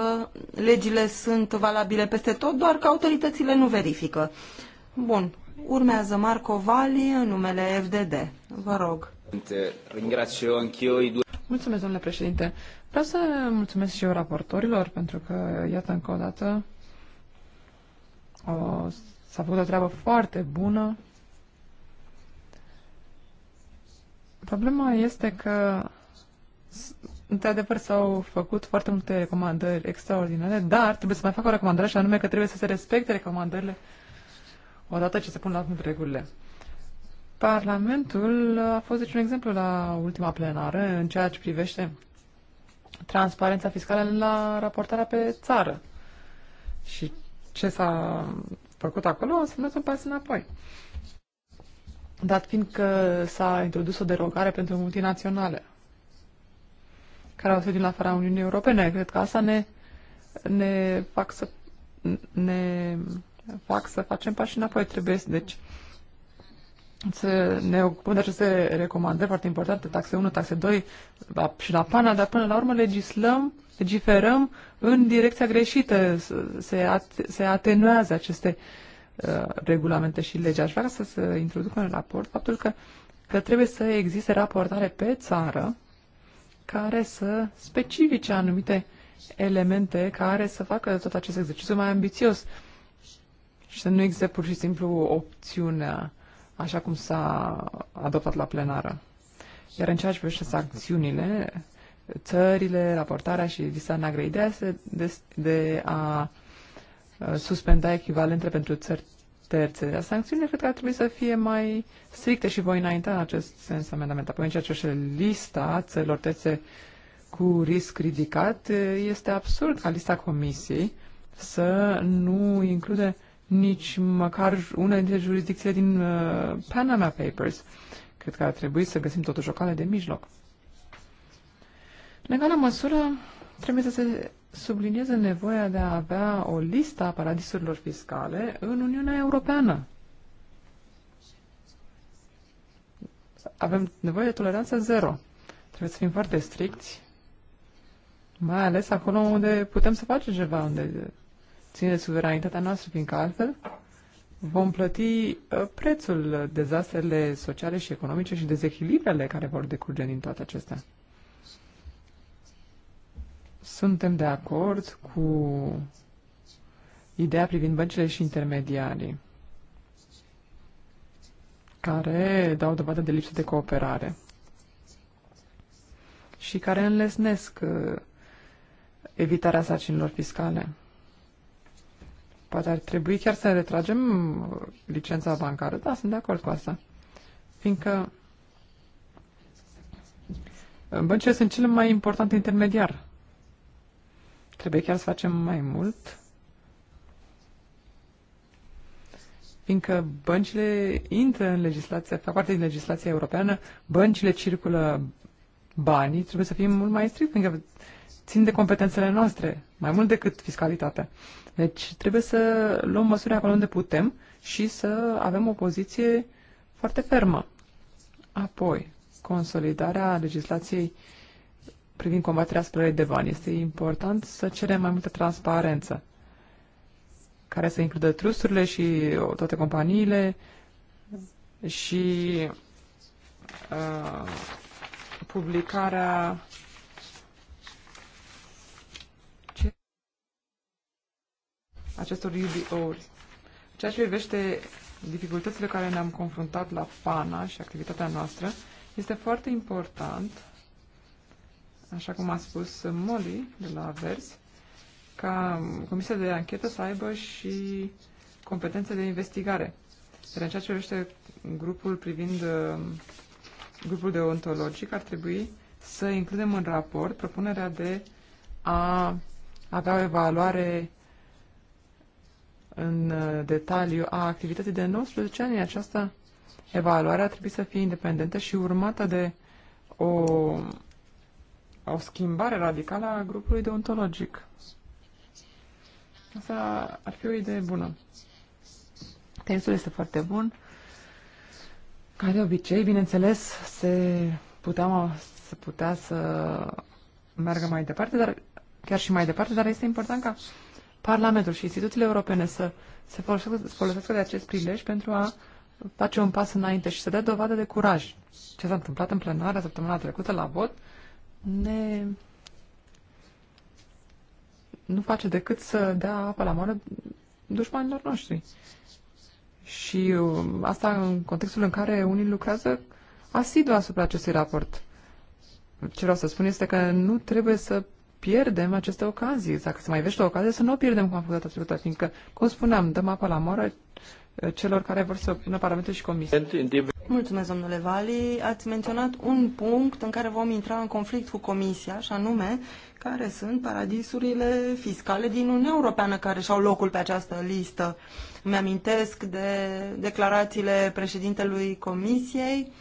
legile sunt valabile peste tot, doar că autoritățile nu verifică. Bun, urmează Marco Vali în numele FDD. Vă rog. Mulțumesc, domnule președinte. Vreau să mulțumesc și eu raportorilor, pentru că, iată, încă o dată, o, s-a făcut o treabă foarte bună Problema este că, într-adevăr, s-au făcut foarte multe recomandări extraordinare, dar trebuie să mai fac o recomandare și anume că trebuie să se respecte recomandările odată ce se pun la punct regulile. Parlamentul a fost deci un exemplu la ultima plenară în ceea ce privește transparența fiscală la raportarea pe țară. Și ce s-a făcut acolo a însemnat un pas înapoi dat fiindcă s-a introdus o derogare pentru multinaționale care au sediu în afara Uniunii Europene. Cred că asta ne, ne, fac, să, ne fac să facem pași înapoi. Trebuie, deci, să ne ocupăm de aceste recomandări foarte importante, taxe 1, taxe 2 la, și la PANA, dar până la urmă legislăm, legiferăm în direcția greșită. Se, se atenuează aceste uh, Uh, regulamente și lege. Aș vrea să se introducă în raport faptul că, că trebuie să existe raportare pe țară care să specifice anumite elemente care să facă tot acest exercițiu mai ambițios și să nu existe pur și simplu opțiunea așa cum s-a adoptat la plenară. Iar în ceea ce privește sancțiunile, țările, raportarea și lista neagră, ideea este de, de a Uh, suspenda echivalente pentru țări terțe. Dar sancțiunile cred că ar trebui să fie mai stricte și voi înainta în acest sens amendament. Apoi în ceea ce lista țărilor terțe cu risc ridicat, este absurd ca lista comisiei să nu include nici măcar una dintre jurisdicțiile din uh, Panama Papers. Cred că ar trebui să găsim totuși o cale de mijloc. În egală măsură, trebuie să se sublinieze nevoia de a avea o listă a paradisurilor fiscale în Uniunea Europeană. Avem nevoie de toleranță zero. Trebuie să fim foarte stricți, mai ales acolo unde putem să facem ceva, unde ține suveranitatea noastră, fiindcă altfel vom plăti uh, prețul dezastrele sociale și economice și dezechilibrele care vor decurge din toate acestea. Suntem de acord cu ideea privind băncile și intermediarii care dau dovadă de lipsă de cooperare și care înlesnesc uh, evitarea sarcinilor fiscale. Poate ar trebui chiar să retragem uh, licența bancară. Da, sunt de acord cu asta. Fiindcă uh, băncile sunt cel mai important intermediar Trebuie chiar să facem mai mult, fiindcă băncile intră în legislația, fac parte din legislația europeană, băncile circulă banii, trebuie să fim mult mai strict, fiindcă țin de competențele noastre, mai mult decât fiscalitatea. Deci trebuie să luăm măsuri acolo unde putem și să avem o poziție foarte fermă. Apoi, consolidarea legislației uh, privind combaterea spălării de bani. Este important să cerem mai multă transparență, care să includă trusturile și uh, toate companiile și uh, publicarea acestor UBO-uri. Ceea ce privește dificultățile care ne-am confruntat la PANA și activitatea noastră, este foarte important așa cum a spus Molly de la Vers, ca Comisia de Anchetă să aibă și competențe de investigare. Iar în ceea ce privește grupul privind uh, grupul de ontologic, ar trebui să includem în raport propunerea de a avea o evaluare în uh, detaliu a activității de 19 ani. Această evaluare ar trebui să fie independentă și urmată de o o schimbare radicală a grupului deontologic. Asta ar fi o idee bună. Tensul este foarte bun. Ca de obicei, bineînțeles, se putea, se putea să meargă mai departe, dar chiar și mai departe, dar este important ca Parlamentul și instituțiile europene să se folosească, folosească de acest prilej pentru a face un pas înainte și să dea dovadă de curaj. Ce s-a întâmplat în plenară săptămâna trecută la vot ne nu face decât să dea apă la moară dușmanilor noștri. Și um, asta în contextul în care unii lucrează asidu asupra acestui raport. Ce vreau să spun este că nu trebuie să pierdem aceste ocazii. Dacă se mai vește o ocazie, să nu o pierdem cum am făcut data trecută, fiindcă, cum spuneam, dăm apă la moară celor care vor să pună Parlamentul și Comisia. Mulțumesc, domnule Vali. Ați menționat un punct în care vom intra în conflict cu Comisia, și anume care sunt paradisurile fiscale din Uniunea Europeană care și-au locul pe această listă. Îmi amintesc de declarațiile președintelui Comisiei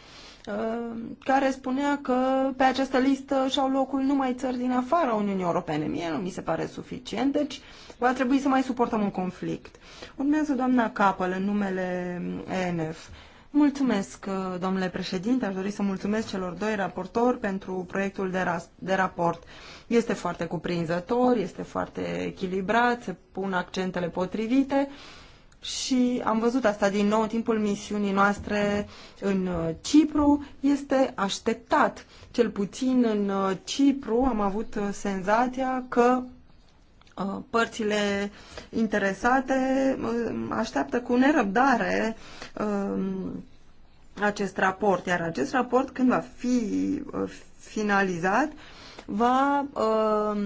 uh, care spunea că pe această listă și-au locul numai țări din afara Uniunii Europene. Mie nu mi se pare suficient, deci va trebui să mai suportăm un conflict. Urmează doamna Capăl în numele ENF. Mulțumesc, uh, domnule președinte. Aș dori să mulțumesc celor doi raportori pentru proiectul de, ra- de raport. Este foarte cuprinzător, este foarte echilibrat, se pun accentele potrivite și am văzut asta din nou timpul misiunii noastre în uh, Cipru. Este așteptat. Cel puțin în uh, Cipru am avut senzația că Uh, părțile interesate uh, așteaptă cu nerăbdare um, acest raport, iar acest raport când va fi uh, finalizat va um,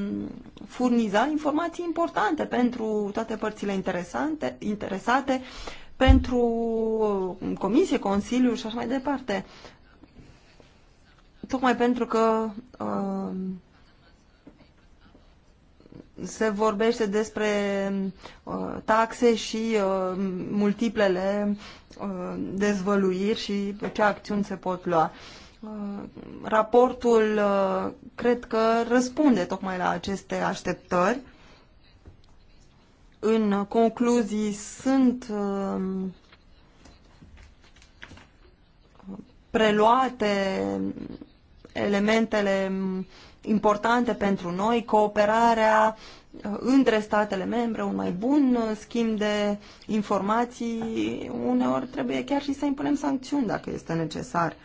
furniza informații importante pentru toate părțile interesante, interesate, pentru comisie, consiliu și așa mai departe. Tocmai pentru că uh, se vorbește despre uh, taxe și uh, multiplele uh, dezvăluiri și ce acțiuni se pot lua. Raportul cred că răspunde tocmai la aceste așteptări. În concluzii sunt preluate elementele importante pentru noi, cooperarea uh, între statele membre, un mai bun uh, schimb de informații, uneori trebuie chiar și să impunem sancțiuni dacă este necesar.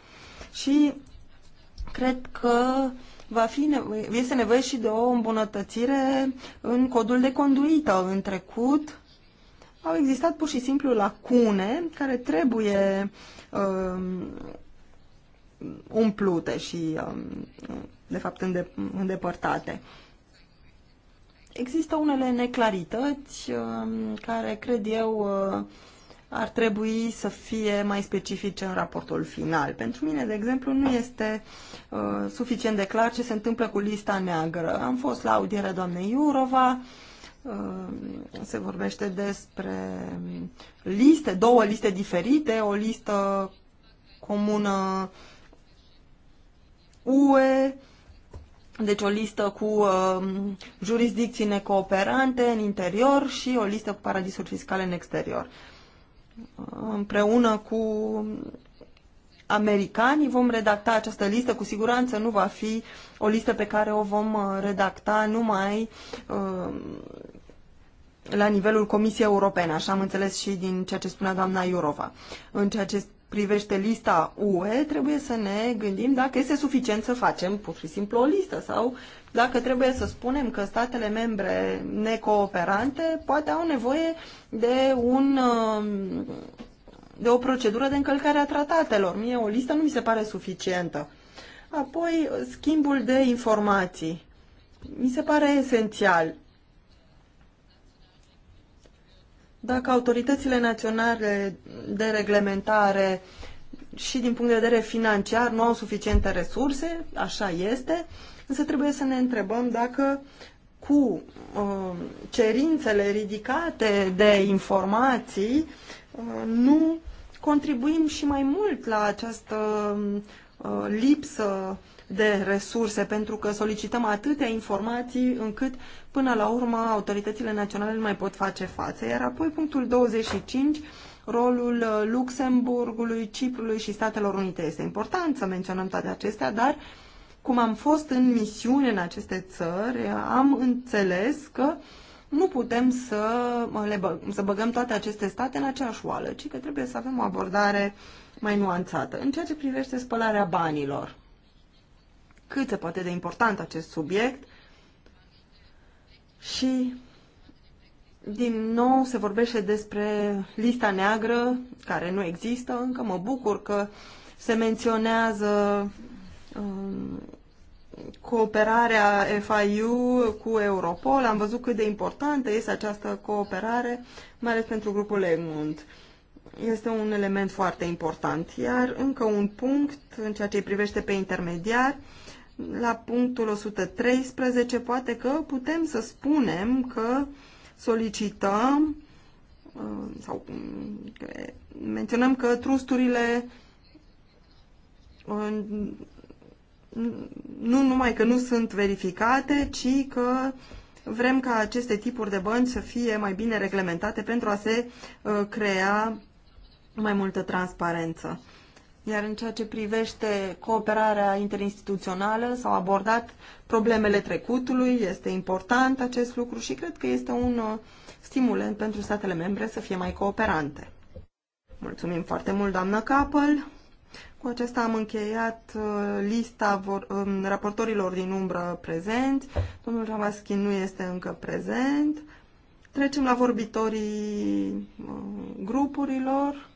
Și cred că va fi nevo- este nevoie și de o îmbunătățire în codul de conduită. În trecut au existat pur și simplu lacune care trebuie um, umplute și um, de fapt, îndepărtate. Există unele neclarități um, care, cred eu, uh, ar trebui să fie mai specifice în raportul final. Pentru mine, de exemplu, nu este uh, suficient de clar ce se întâmplă cu lista neagră. Am fost la audierea doamnei Iurova, uh, se vorbește despre um, liste, două liste diferite, o listă comună UE deci o listă cu uh, jurisdicții necooperante în interior și o listă cu paradisuri fiscale în exterior. Uh, împreună cu americanii vom redacta această listă. Cu siguranță nu va fi o listă pe care o vom uh, redacta numai uh, la nivelul Comisiei Europene, așa am înțeles și din ceea ce spunea doamna Iurova. În ceea ce privește lista UE, trebuie să ne gândim dacă este suficient să facem pur și simplu o listă sau dacă trebuie să spunem că statele membre necooperante poate au nevoie de un um, de o procedură de încălcare a tratatelor. Mie o listă nu mi se pare suficientă. Apoi, schimbul de informații. Mi se pare esențial. Dacă autoritățile naționale de reglementare și din punct de vedere financiar nu au suficiente resurse, așa este, însă trebuie să ne întrebăm dacă cu uh, cerințele ridicate de informații uh, nu contribuim și mai mult la această uh, lipsă de resurse, pentru că solicităm atâtea informații încât până la urmă autoritățile naționale nu mai pot face față. Iar apoi punctul 25, rolul uh, Luxemburgului, Ciprului și Statelor Unite. Este important să menționăm toate acestea, dar cum am fost în misiune în aceste țări, am înțeles că nu putem să, uh, le bă, să băgăm toate aceste state în aceeași oală, ci că trebuie să avem o abordare mai nuanțată. În ceea ce privește spălarea banilor, cât se poate de important acest subiect și din nou se vorbește despre lista neagră care nu există încă. Mă bucur că se menționează um, cooperarea FIU cu Europol. Am văzut cât de importantă este această cooperare, mai ales pentru grupul Egmont. Este un element foarte important. Iar încă un punct în ceea ce privește pe intermediari la punctul 113 poate că putem să spunem că solicităm uh, sau mm, menționăm că trusturile uh, nu numai că nu sunt verificate, ci că vrem ca aceste tipuri de bănci să fie mai bine reglementate pentru a se uh, crea mai multă transparență. Iar în ceea ce privește cooperarea interinstituțională, s-au abordat problemele trecutului, este important acest lucru și cred că este un uh, stimulent pentru statele membre să fie mai cooperante. Mulțumim foarte mult, doamnă Capăl. Cu acesta am încheiat uh, lista vor, um, raportorilor din umbră prezent. Domnul Ravaschi nu este încă prezent. Trecem la vorbitorii uh, grupurilor.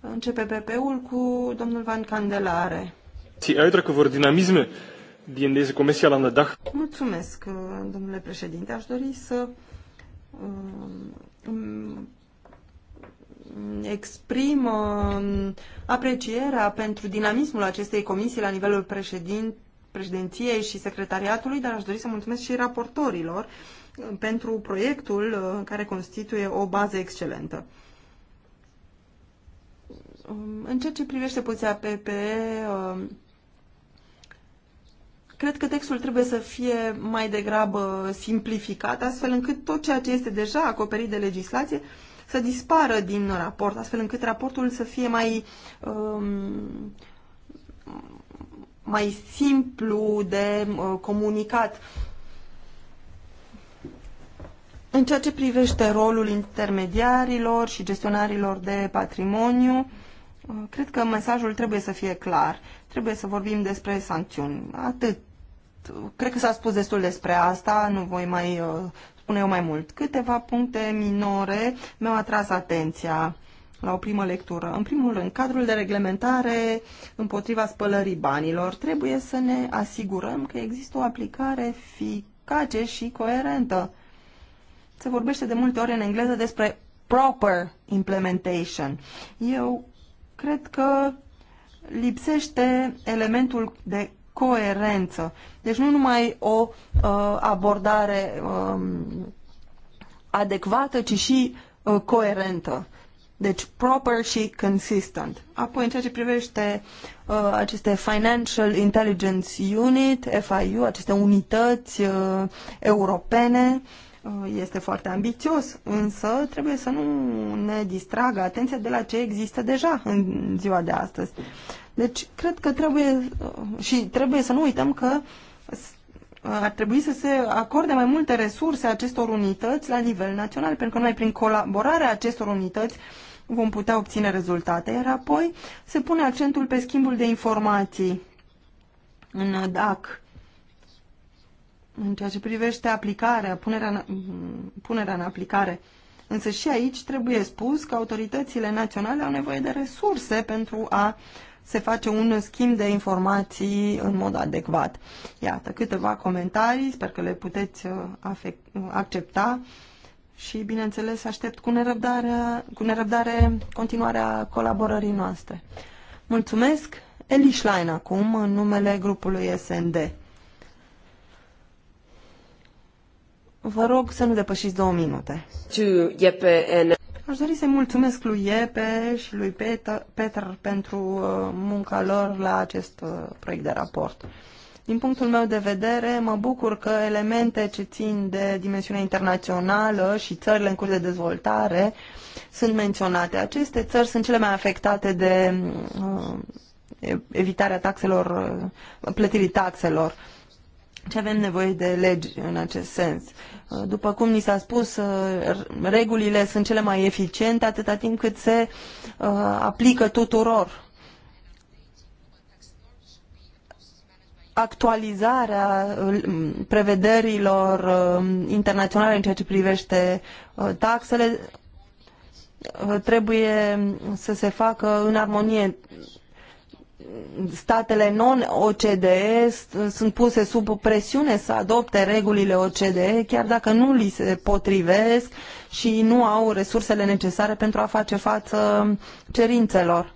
Începe PP-ul cu domnul Van Candelare. Ți uitdrukken voor dinamisme die in deze commissie al aan de dag. Mulțumesc, uh, domnule președinte. Aș dori să um, exprim um, aprecierea pentru dinamismul acestei comisii la nivelul președinției și secretariatului, dar aș dori să mulțumesc și raportorilor uh, pentru proiectul uh, care constituie o bază excelentă. Um, în ceea ce privește poziția PPE, um, cred că textul trebuie să fie mai degrabă simplificat, astfel încât tot ceea ce este deja acoperit de legislație să dispară din raport, astfel încât raportul să fie mai, um, mai simplu de uh, comunicat. În ceea ce privește rolul intermediarilor și gestionarilor de patrimoniu, Uh, cred că mesajul trebuie să fie clar. Trebuie să vorbim despre sancțiuni. Atât. Cred că s-a spus destul despre asta, nu voi mai uh, spune eu mai mult. Câteva puncte minore mi-au atras atenția la o primă lectură. În primul rând, cadrul de reglementare împotriva spălării banilor. Trebuie să ne asigurăm că există o aplicare eficace și coerentă. Se vorbește de multe ori în engleză despre proper implementation. Eu cred că lipsește elementul de coerență. Deci nu numai o uh, abordare um, adecvată, ci și uh, coerentă. Deci proper și consistent. Apoi, în ceea ce privește uh, aceste Financial Intelligence Unit, FIU, aceste unități uh, europene, Uh, este foarte ambițios, însă trebuie să nu ne distragă atenția de la ce există deja în ziua de astăzi. Deci, cred că trebuie uh, și trebuie să nu uităm că uh, ar trebui să se acorde mai multe resurse acestor unități la nivel național, pentru că noi prin colaborarea acestor unități vom putea obține rezultate, iar apoi se pune accentul pe schimbul de informații în DAC în ceea ce privește aplicarea, punerea în, punerea în aplicare. Însă și aici trebuie spus că autoritățile naționale au nevoie de resurse pentru a se face un schimb de informații în mod adecvat. Iată, câteva comentarii, sper că le puteți uh, uh, accepta și, bineînțeles, aștept cu nerăbdare, cu nerăbdare continuarea colaborării noastre. Mulțumesc! Eli Schlein acum, în numele grupului SND. Vă rog să nu depășiți două minute. Aș dori să-i mulțumesc lui Iepe și lui Peter, pentru uh, munca lor la acest uh, proiect de raport. Din punctul meu de vedere, mă bucur că elemente ce țin de dimensiunea internațională și țările în curs de dezvoltare sunt menționate. Aceste țări sunt cele mai afectate de uh, evitarea taxelor, uh, plătirii taxelor. Ce avem nevoie de legi în acest sens? După cum ni s-a spus, uh, regulile sunt cele mai eficiente atâta timp cât se uh, aplică tuturor. Actualizarea uh, prevederilor internaționale în ceea ce privește taxele trebuie să se facă în armonie statele non-OCDE sunt puse sub presiune să adopte regulile OCDE, chiar dacă nu li se potrivesc și nu au resursele necesare pentru a face față cerințelor.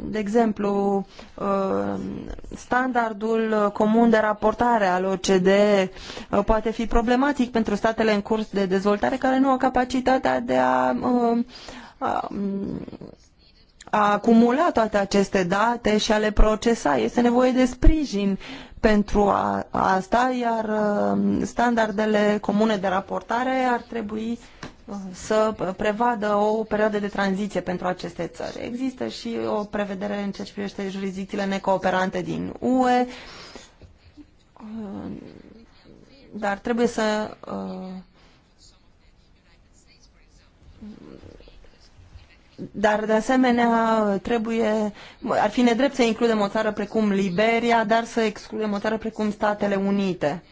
de exemplu, uh, standardul comun de raportare al OCDE uh, poate fi problematic pentru statele în curs de dezvoltare care nu au capacitatea de a, uh, a, a acumula toate aceste date și a le procesa. Este nevoie de sprijin pentru a, asta, iar standardele comune de raportare ar trebui uh, să prevadă o perioadă de tranziție pentru aceste țări. Există și o prevedere în ceea ce privește jurisdicțiile necooperante din UE, uh, dar trebuie să uh, dar de asemenea trebuie, ar fi nedrept să includem o țară precum Liberia, dar să excludem o țară precum Statele Unite.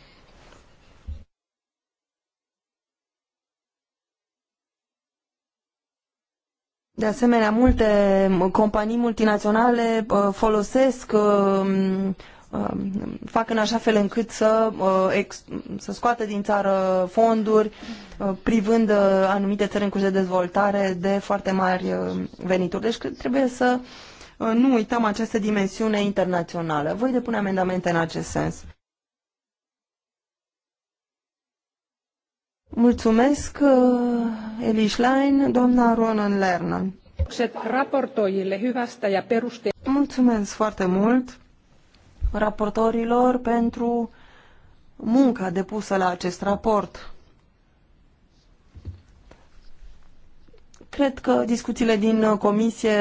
De asemenea, multe companii multinaționale uh, folosesc, uh, um, fac în așa fel încât să, uh, să scoată din țară fonduri, privând anumite țări în curs de dezvoltare de foarte mari venituri. Deci trebuie să nu uităm această dimensiune internațională. Voi depune amendamente în acest sens. Mulțumesc, uh, Eli Schlein, doamna Ronan Lernan. Mulțumesc foarte mult raportorilor pentru munca depusă la acest raport. Cred că discuțiile din comisie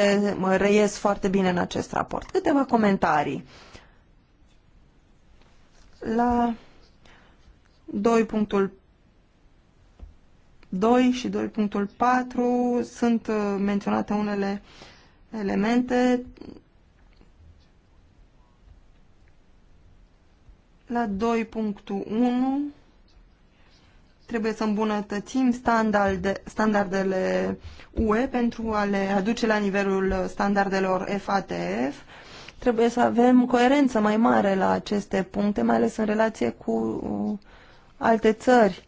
reies foarte bine în acest raport. Câteva comentarii. La 2.4 2 și 2.4 sunt uh, menționate unele elemente. La 2.1 trebuie să îmbunătățim standarde, standardele UE pentru a le aduce la nivelul standardelor FATF. Trebuie să avem coerență mai mare la aceste puncte, mai ales în relație cu uh, alte țări.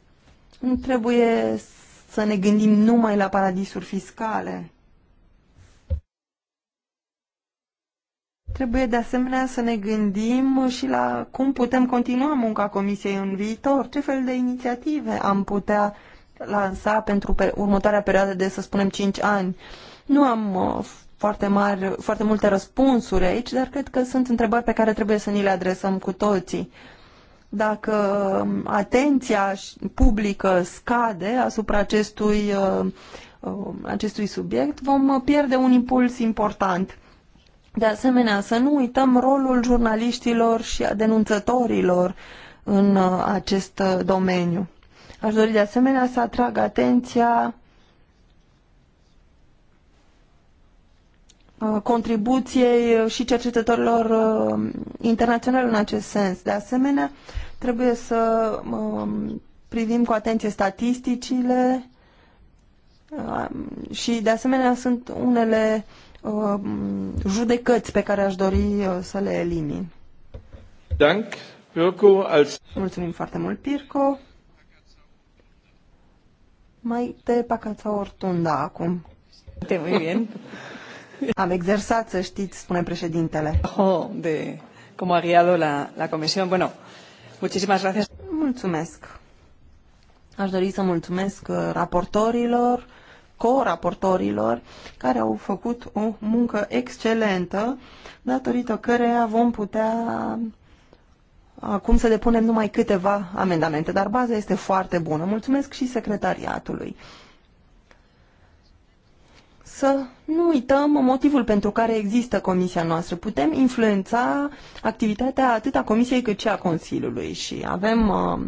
Nu trebuie să ne gândim numai la paradisuri fiscale. Trebuie de asemenea să ne gândim și la cum putem continua munca Comisiei în viitor, ce fel de inițiative am putea lansa pentru pe următoarea perioadă de, să spunem, 5 ani. Nu am uh, foarte, mari, foarte multe răspunsuri aici, dar cred că sunt întrebări pe care trebuie să ni le adresăm cu toții. Uh, dacă um, atenția publică scade asupra acestui, um, um, acestui subiect, vom pierde un impuls important. De asemenea, să nu uităm rolul jurnaliștilor și a denunțătorilor în uh, acest uh, domeniu. Aș dori de asemenea să atrag atenția Uh, contribuției uh, și cercetătorilor uh, internaționali în acest sens. De asemenea, trebuie să um, privim cu atenție statisticile și, de asemenea, sunt unele judecăți pe care aș dori să le elimin. Dank, Pirco, als... Mulțumim foarte mult, Pirco. Mai te pacața ortunda acum. Te muy bien. <laughs> Am exersat, să știți, spune președintele. Oh, de cum a guiado la, la comisión. Bueno, muchísimas gracias. Mulțumesc. Aș dori să mulțumesc uh, raportorilor, co-raportorilor, care au făcut o muncă excelentă, datorită căreia vom putea acum să depunem numai câteva amendamente, dar baza este foarte bună. Mulțumesc și secretariatului să nu uităm motivul pentru care există comisia noastră. Putem influența activitatea atât a comisiei cât și a Consiliului și avem uh,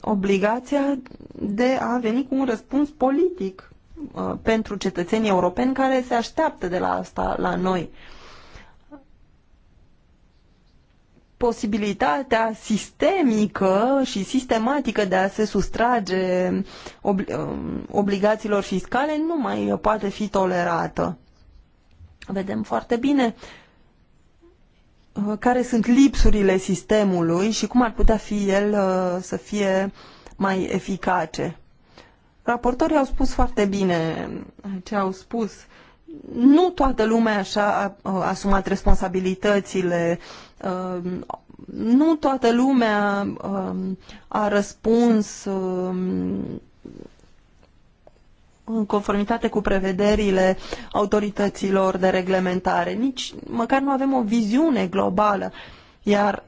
obligația de a veni cu un răspuns politic uh, pentru cetățenii europeni care se așteaptă de la asta la noi. Uh, posibilitatea sistemică și sistematică de a se sustrage um, obligațiilor fiscale nu mai poate fi tolerată. Vedem foarte bine uh, care sunt lipsurile sistemului și cum ar putea fi el uh, să fie mai eficace. Raportorii au spus foarte bine ce au spus nu toată lumea și-a asumat responsabilitățile, nu toată lumea a răspuns în conformitate cu prevederile autorităților de reglementare. Nici măcar nu avem o viziune globală, iar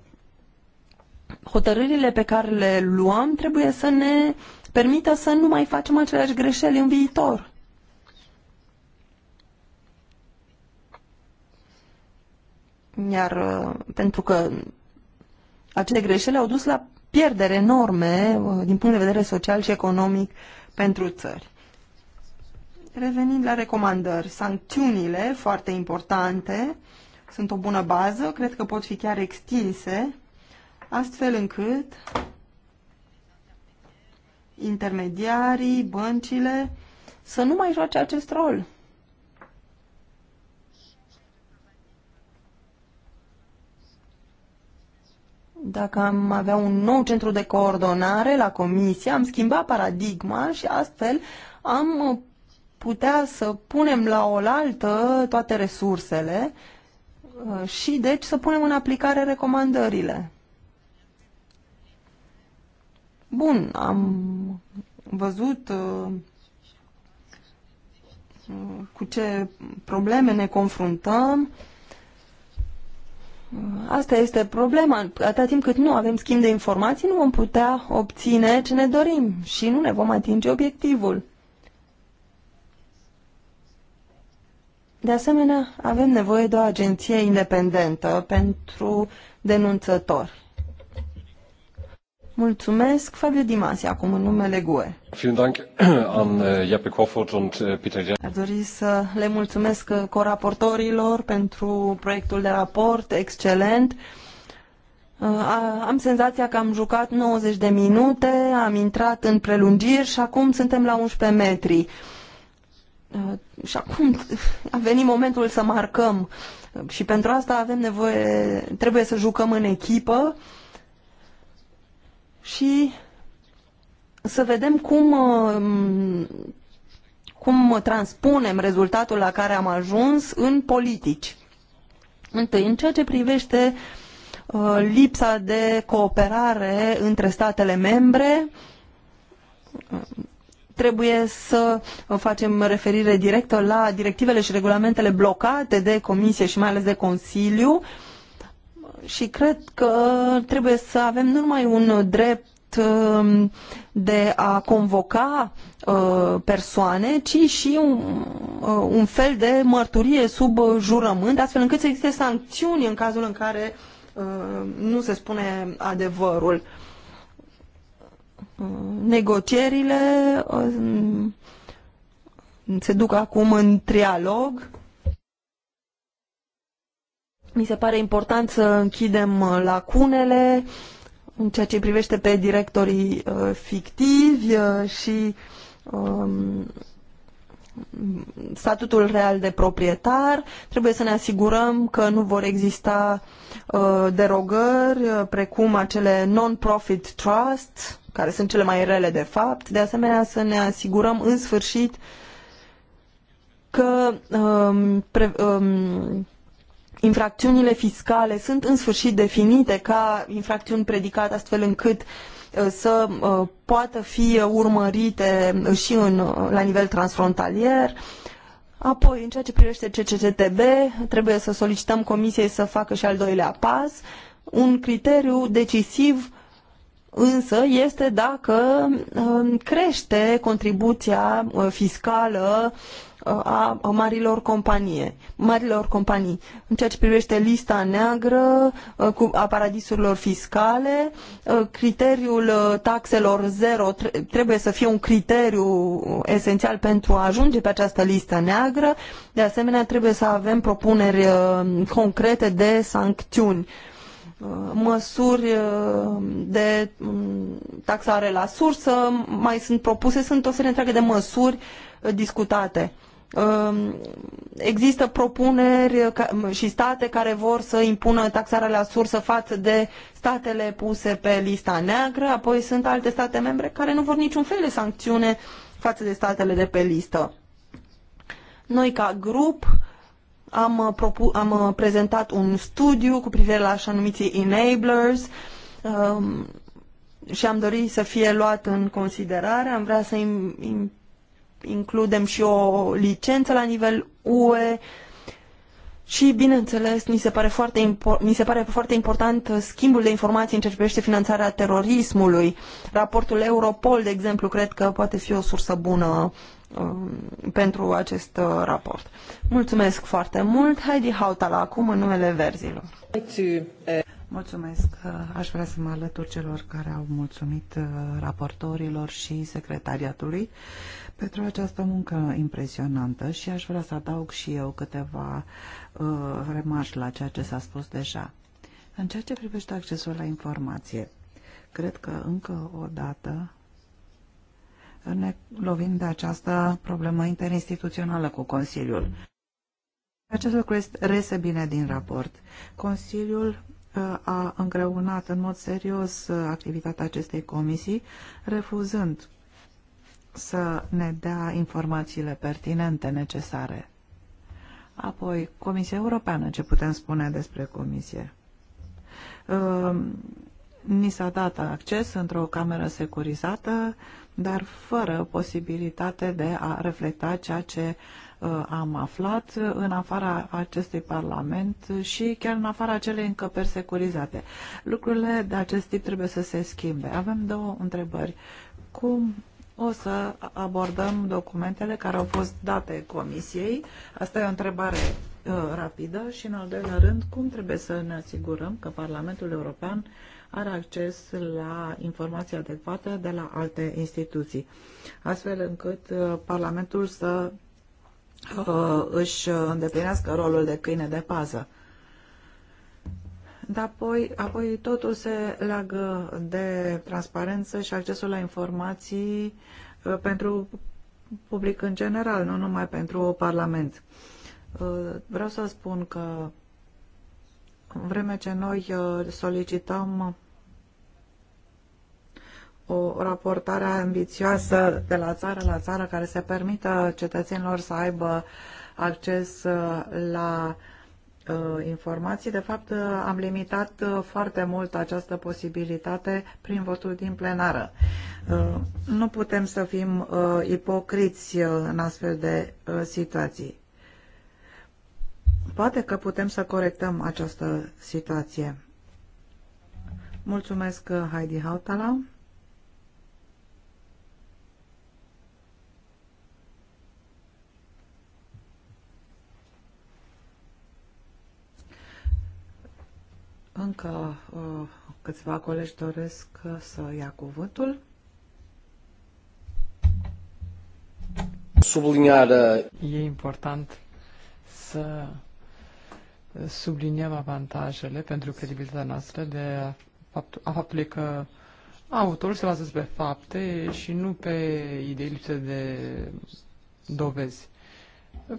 hotărârile pe care le luăm trebuie să ne permită să nu mai facem aceleași greșeli în viitor. Iar uh, pentru că acele greșeli au dus la pierdere enorme uh, din punct de vedere social și economic pentru țări. Revenind la recomandări, sancțiunile foarte importante sunt o bună bază, cred că pot fi chiar extinse, astfel încât intermediarii, băncile să nu mai joace acest rol. Dacă am avea un nou centru de coordonare la comisie, am schimbat paradigma și astfel am putea să punem la oaltă toate resursele uh, și deci să punem în aplicare recomandările. Bun, am văzut uh, cu ce probleme ne confruntăm Asta este problema. Atâta timp cât nu avem schimb de informații, nu vom putea obține ce ne dorim și nu ne vom atinge obiectivul. De asemenea, avem nevoie de o agenție independentă pentru denunțători. Mulțumesc, Fabio Dimasi, acum în numele GUE. <clears throat> Äh, äh, Aș dori să le mulțumesc uh, coraportorilor pentru proiectul de raport excelent. Uh, am senzația că am jucat 90 de minute, am intrat în prelungiri și acum suntem la 11 metri. Uh, și acum <laughs> a venit momentul să marcăm și pentru asta avem nevoie, trebuie să jucăm în echipă și să vedem cum, um, cum transpunem rezultatul la care am ajuns în politici. Întâi, în ceea ce privește uh, lipsa de cooperare între statele membre, trebuie să facem referire directă la directivele și regulamentele blocate de Comisie și mai ales de Consiliu, uh, și cred că trebuie să avem nu numai un drept um, de a convoca uh, persoane, ci și un, uh, un fel de mărturie sub jurământ, astfel încât să existe sancțiuni în cazul în care uh, nu se spune adevărul. Negocierile se duc acum în trialog mi se pare important să închidem uh, lacunele în ceea ce privește pe directorii uh, fictivi uh, și um, statutul real de proprietar. Trebuie să ne asigurăm că nu vor exista uh, derogări uh, precum acele non-profit trust, care sunt cele mai rele de fapt. De asemenea, să ne asigurăm în sfârșit că um, pre, um, infracțiunile fiscale sunt în sfârșit definite ca infracțiuni predicate astfel încât uh, să uh, poată fi urmărite și în, uh, la nivel transfrontalier. Apoi, în ceea ce privește CCTB, trebuie să solicităm Comisiei să facă și al doilea pas. Un criteriu decisiv însă este dacă crește contribuția fiscală a marilor companii, marilor companii. În ceea ce privește lista neagră uh, a paradisurilor fiscale, uh, criteriul uh, taxelor zero trebuie să fie un criteriu esențial pentru a ajunge pe această listă neagră. De asemenea, trebuie să avem propuneri concrete de sancțiuni măsuri de um, taxare la sursă mai sunt propuse, sunt o serie întreagă de măsuri discutate. Um, există propuneri și state care vor să impună taxarea la sursă față de statele puse pe lista neagră, apoi sunt alte state membre care nu vor niciun fel de sancțiune față de statele de pe listă. Noi ca grup am, uh, propu- am uh, prezentat un studiu cu privire la așa numiții enablers um, și am dorit să fie luat în considerare. Am vrea să im- includem și o licență la nivel UE și, bineînțeles, mi se pare foarte, mi se pare foarte important schimbul de informații în ceea ce privește finanțarea terorismului. Raportul Europol, de exemplu, cred că poate fi o sursă bună um, pentru acest uh, raport. Mulțumesc foarte mult. Heidi Hautala acum în numele verzilor. Mulțumesc. Uh, aș vrea să mă alătur celor care au mulțumit uh, raportorilor și secretariatului pentru această muncă impresionantă și aș vrea să adaug și eu câteva uh, remarci la ceea ce s-a spus deja. În ceea ce privește accesul la informație, cred că încă o dată ne lovim de această problemă interinstituțională cu Consiliul. Acest lucru este bine din raport. Consiliul uh, a îngreunat în mod serios uh, activitatea acestei comisii, refuzând să ne dea informațiile pertinente necesare. Apoi, Comisia Europeană, ce putem spune despre Comisie? Ehm, ni s-a dat acces într-o cameră securizată, dar fără posibilitate de a reflecta ceea ce eh, am aflat în afara acestui Parlament și chiar în afara acelei încăperi securizate. Lucrurile de acest tip trebuie să se schimbe. Avem două întrebări. Cum o să abordăm documentele care au fost date comisiei. Asta e o întrebare uh, rapidă și, în al doilea rând, cum trebuie să ne asigurăm că Parlamentul European are acces la informații adecvate de la alte instituții, astfel încât uh, Parlamentul să uh, își îndeplinească rolul de câine de pază. Dar apoi, apoi totul se leagă de transparență și accesul la informații uh, pentru public în general, nu numai pentru Parlament. Uh, vreau să spun că în vreme ce noi uh, solicităm o raportare ambițioasă de la țară la țară care să permită cetățenilor să aibă acces la uh, Uh, informații. De fapt, uh, am limitat uh, foarte mult această posibilitate prin votul din plenară. Nu putem să fim ipocriți în astfel de situații. Poate că putem să corectăm această situație. Mulțumesc, Heidi Hautala. Dacă uh, câțiva colegi doresc uh, să ia cuvântul. Subliniarea. Uh, e important să subliniem avantajele pentru credibilitatea noastră de faptul, a faptului că autorul se bazează pe fapte și nu pe idei lipse de dovezi.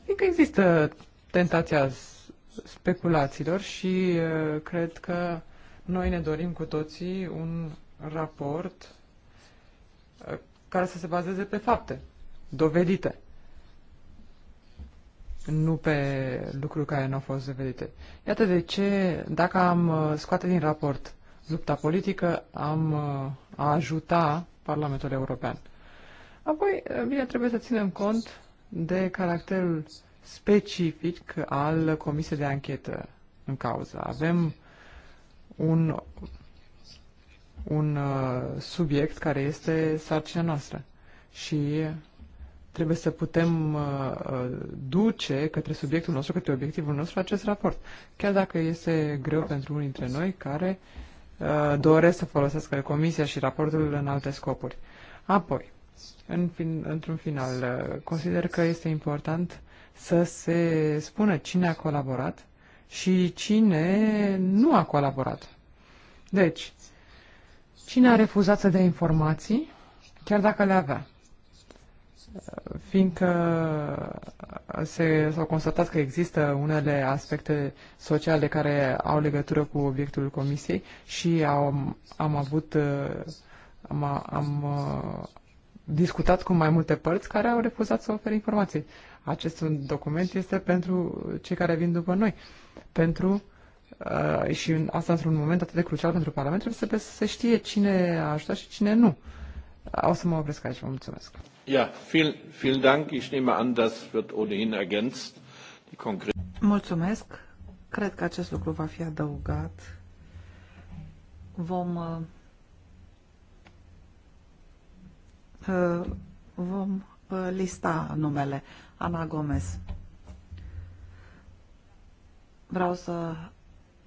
Fiindcă există tentația speculațiilor și uh, cred că noi ne dorim cu toții un raport uh, care să se bazeze pe fapte dovedite, nu pe lucruri care nu au fost dovedite. Iată de ce, dacă am uh, scoate din raport lupta politică, am a ajuta Parlamentul European. Apoi, bine, trebuie să ținem cont de caracterul specific al Comisiei de Anchetă în cauză. Avem un, un uh, subiect care este sarcina noastră și trebuie să putem uh, uh, duce către subiectul nostru, către obiectivul nostru acest raport. Chiar dacă este greu pentru unii dintre noi care uh, doresc să folosească comisia și raportul în alte scopuri. Apoi, în fin, într-un final, uh, consider că este important să se spună cine a colaborat și cine nu a colaborat. Deci, cine a refuzat să dea informații, chiar dacă le avea, fiindcă se, s-au constatat că există unele aspecte sociale care au legătură cu obiectul comisiei și am, am avut, am, am uh, discutat cu mai multe părți care au refuzat să ofere informații. Acest document este pentru cei care vin după noi, pentru Uh, și în, asta într-un moment atât de crucial pentru Parlament, trebuie să se știe cine a ajutat și cine nu. O să mă opresc aici. Vă mulțumesc. Ja, vielen, vielen Dank. Ich nehme an, das wird ohnehin ergänzt. Die konkrete... Mulțumesc. Cred că acest lucru va fi adăugat. Vom uh, uh vom uh, lista numele. Ana Gomez. Vreau să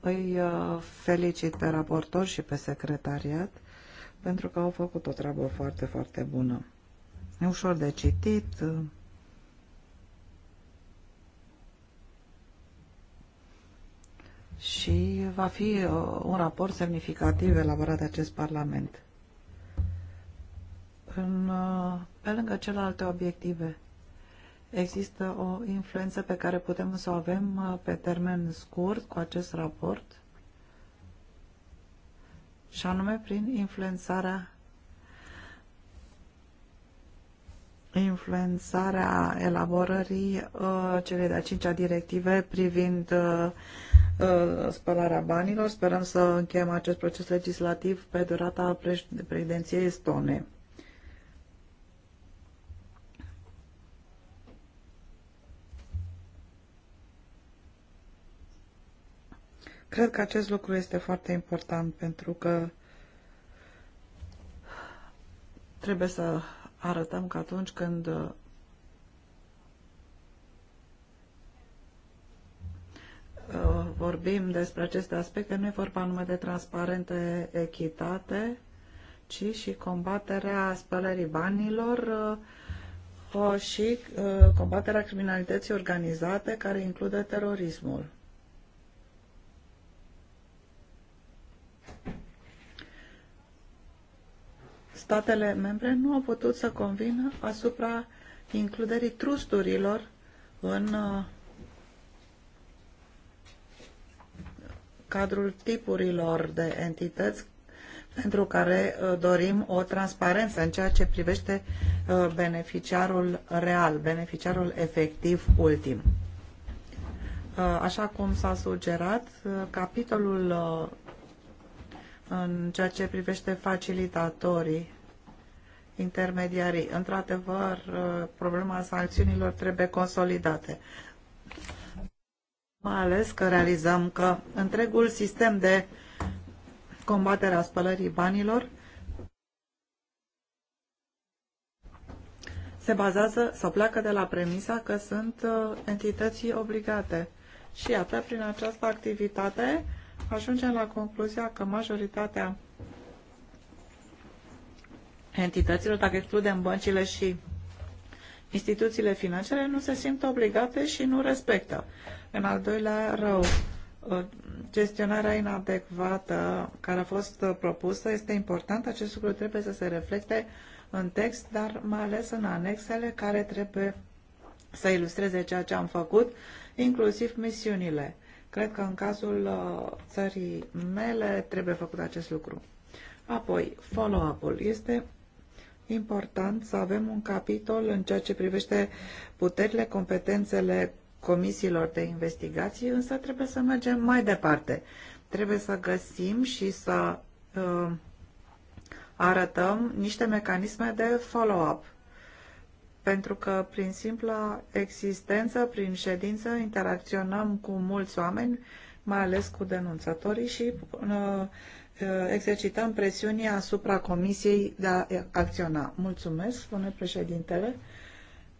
îi uh, felicit pe raportor și pe secretariat pentru că au făcut o treabă foarte, foarte bună. E ușor de citit. Uh. Și va fi uh, un raport semnificativ elaborat de acest Parlament. În, pe lângă celelalte obiective Există o influență pe care putem să o avem uh, pe termen scurt cu acest raport și anume prin influențarea influențarea elaborării uh, celei de-a cincea directive privind uh, uh, spălarea banilor. Sperăm să încheiem acest proces legislativ pe durata președinției Estone. Cred că acest lucru este foarte important pentru că trebuie să arătăm că atunci când uh, vorbim despre aceste aspecte, nu e vorba numai de transparente echitate, ci și combaterea spălării banilor uh, și uh, combaterea criminalității organizate care include terorismul. statele membre nu au putut să convină asupra includerii trusturilor în uh, cadrul tipurilor de entități pentru care uh, dorim o transparență în ceea ce privește uh, beneficiarul real, beneficiarul efectiv ultim. Așa cum s-a sugerat, capitolul în ceea ce privește facilitatorii intermediarii. Într-adevăr, problema sancțiunilor trebuie consolidate. Mai ales că realizăm că întregul sistem de combatere a spălării banilor se bazează sau pleacă de la premisa că sunt uh, entități obligate. Și iată, prin această activitate, ajungem la concluzia că majoritatea entităților, dacă excludem băncile și instituțiile financiare, nu se simt obligate și nu respectă. În al doilea rău, uh, gestionarea inadecvată care a fost uh, propusă este importantă. Acest lucru trebuie să se reflecte în text, dar mai ales în anexele care trebuie să ilustreze ceea ce am făcut, inclusiv misiunile. Cred că în cazul uh, țării mele trebuie făcut acest lucru. Apoi, follow-up-ul este important să avem un capitol în ceea ce privește puterile, competențele comisiilor de investigații, însă trebuie să mergem mai departe. Trebuie să găsim și să uh, arătăm niște mecanisme de follow-up. Pentru că prin simpla existență, prin ședință, interacționăm cu mulți oameni, mai ales cu denunțătorii și uh, Uh, exercităm presiunii asupra Comisiei de a acționa. Mulțumesc, spune președintele.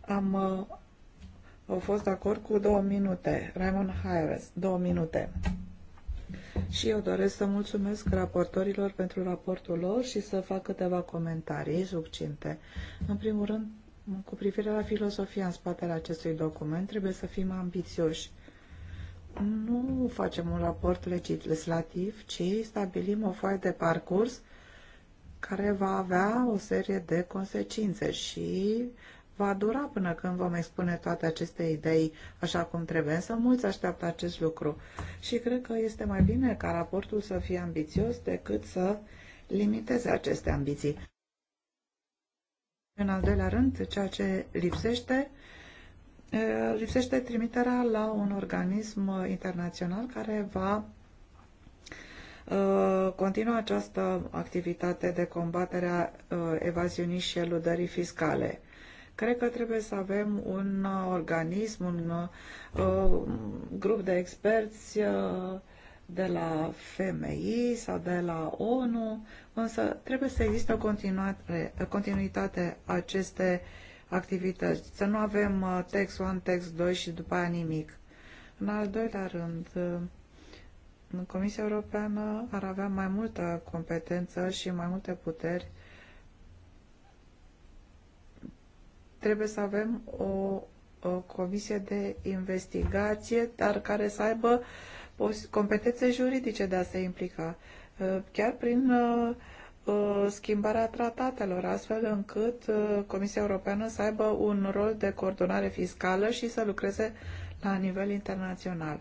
Am uh, au fost de acord cu două minute. Raymond Harris, două minute. Și eu doresc să mulțumesc raportorilor pentru raportul lor și să fac câteva comentarii succinte. În primul rând, cu privire la filosofia în spatele acestui document, trebuie să fim ambițioși nu facem un raport legislativ, ci stabilim o foaie de parcurs care va avea o serie de consecințe și va dura până când vom expune toate aceste idei așa cum trebuie, însă mulți așteaptă acest lucru și cred că este mai bine ca raportul să fie ambițios decât să limiteze aceste ambiții. În al doilea rând, ceea ce lipsește lipsește trimiterea la un organism internațional care va continua această activitate de combatere a evaziunii și eludării fiscale. Cred că trebuie să avem un organism, un grup de experți de la FMI sau de la ONU, însă trebuie să existe o continuitate aceste activități. Să nu avem uh, text 1, text 2 și după aia nimic. În al doilea rând, uh, Comisia Europeană ar avea mai multă competență și mai multe puteri. Trebuie să avem o, o comisie de investigație, dar care să aibă competențe juridice de a se implica, uh, chiar prin Uh, schimbarea tratatelor, astfel încât uh, Comisia Europeană să aibă un rol de coordonare fiscală și să lucreze la nivel internațional.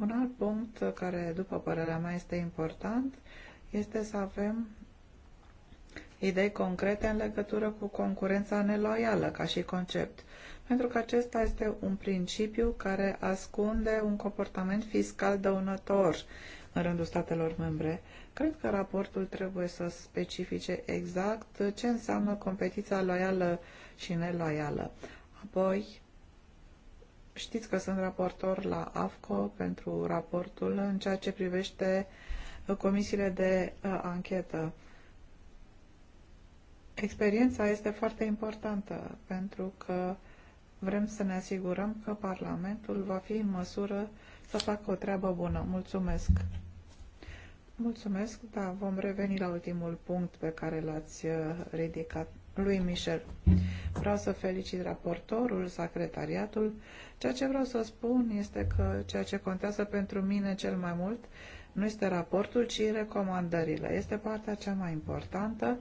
Un alt punct uh, care, după părerea mea, este important este să avem idei concrete în legătură cu concurența neloială ca și concept, pentru că acesta este un principiu care ascunde un comportament fiscal dăunător în rândul statelor membre Cred că raportul trebuie să specifice exact ce înseamnă competiția loială și neloială. Apoi, știți că sunt raportor la AFCO pentru raportul în ceea ce privește comisiile de uh, anchetă. Experiența este foarte importantă pentru că vrem să ne asigurăm că Parlamentul va fi în măsură să facă o treabă bună. Mulțumesc! Mulțumesc, da, vom reveni la ultimul punct pe care l-ați uh, ridicat lui Michel. Vreau să felicit raportorul, secretariatul. Ceea ce vreau să spun este că ceea ce contează pentru mine cel mai mult nu este raportul, ci recomandările. Este partea cea mai importantă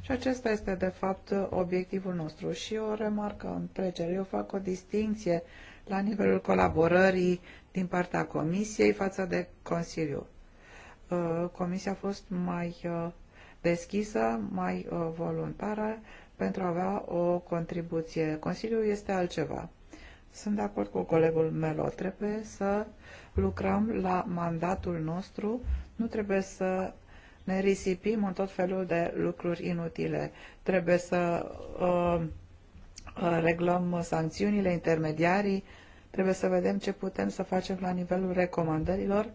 și acesta este, de fapt, obiectivul nostru. Și o remarcă trecere. Eu fac o distinție la nivelul colaborării din partea Comisiei față de Consiliu Uh, comisia a fost mai uh, deschisă, mai uh, voluntară pentru a avea o contribuție. Consiliul este altceva. Sunt de acord cu colegul Melo. Trebuie să lucrăm la mandatul nostru. Nu trebuie să ne risipim în tot felul de lucruri inutile. Trebuie să uh, reglăm sancțiunile, intermediarii. Trebuie să vedem ce putem să facem la nivelul recomandărilor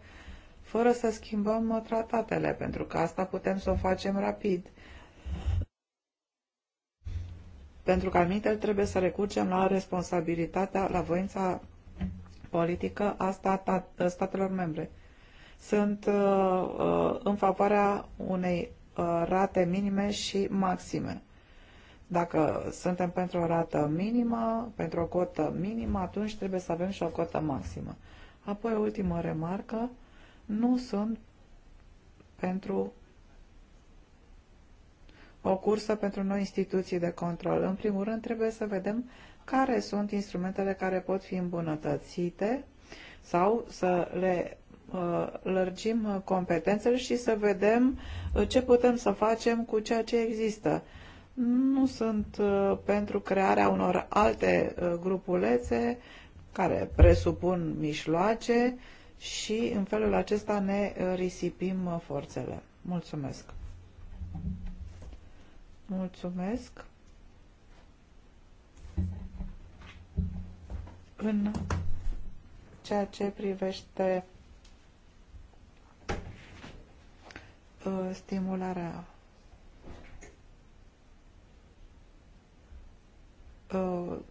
fără să schimbăm uh, tratatele, pentru că asta putem să o facem rapid. Pentru că altfel trebuie să recurgem la responsabilitatea, la voința politică a statelor membre. Sunt uh, uh, în favoarea unei uh, rate minime și maxime. Dacă suntem pentru o rată minimă, pentru o cotă minimă, atunci trebuie să avem și o cotă maximă. Apoi, ultimă remarcă, nu sunt pentru o cursă pentru noi instituții de control. În primul rând, trebuie să vedem care sunt instrumentele care pot fi îmbunătățite sau să le uh, lărgim competențele și să vedem uh, ce putem să facem cu ceea ce există. Nu sunt uh, pentru crearea unor alte grupulețe care presupun mișloace și în felul acesta ne uh, risipim uh, forțele. Mulțumesc! Mulțumesc! În ceea ce privește uh, stimularea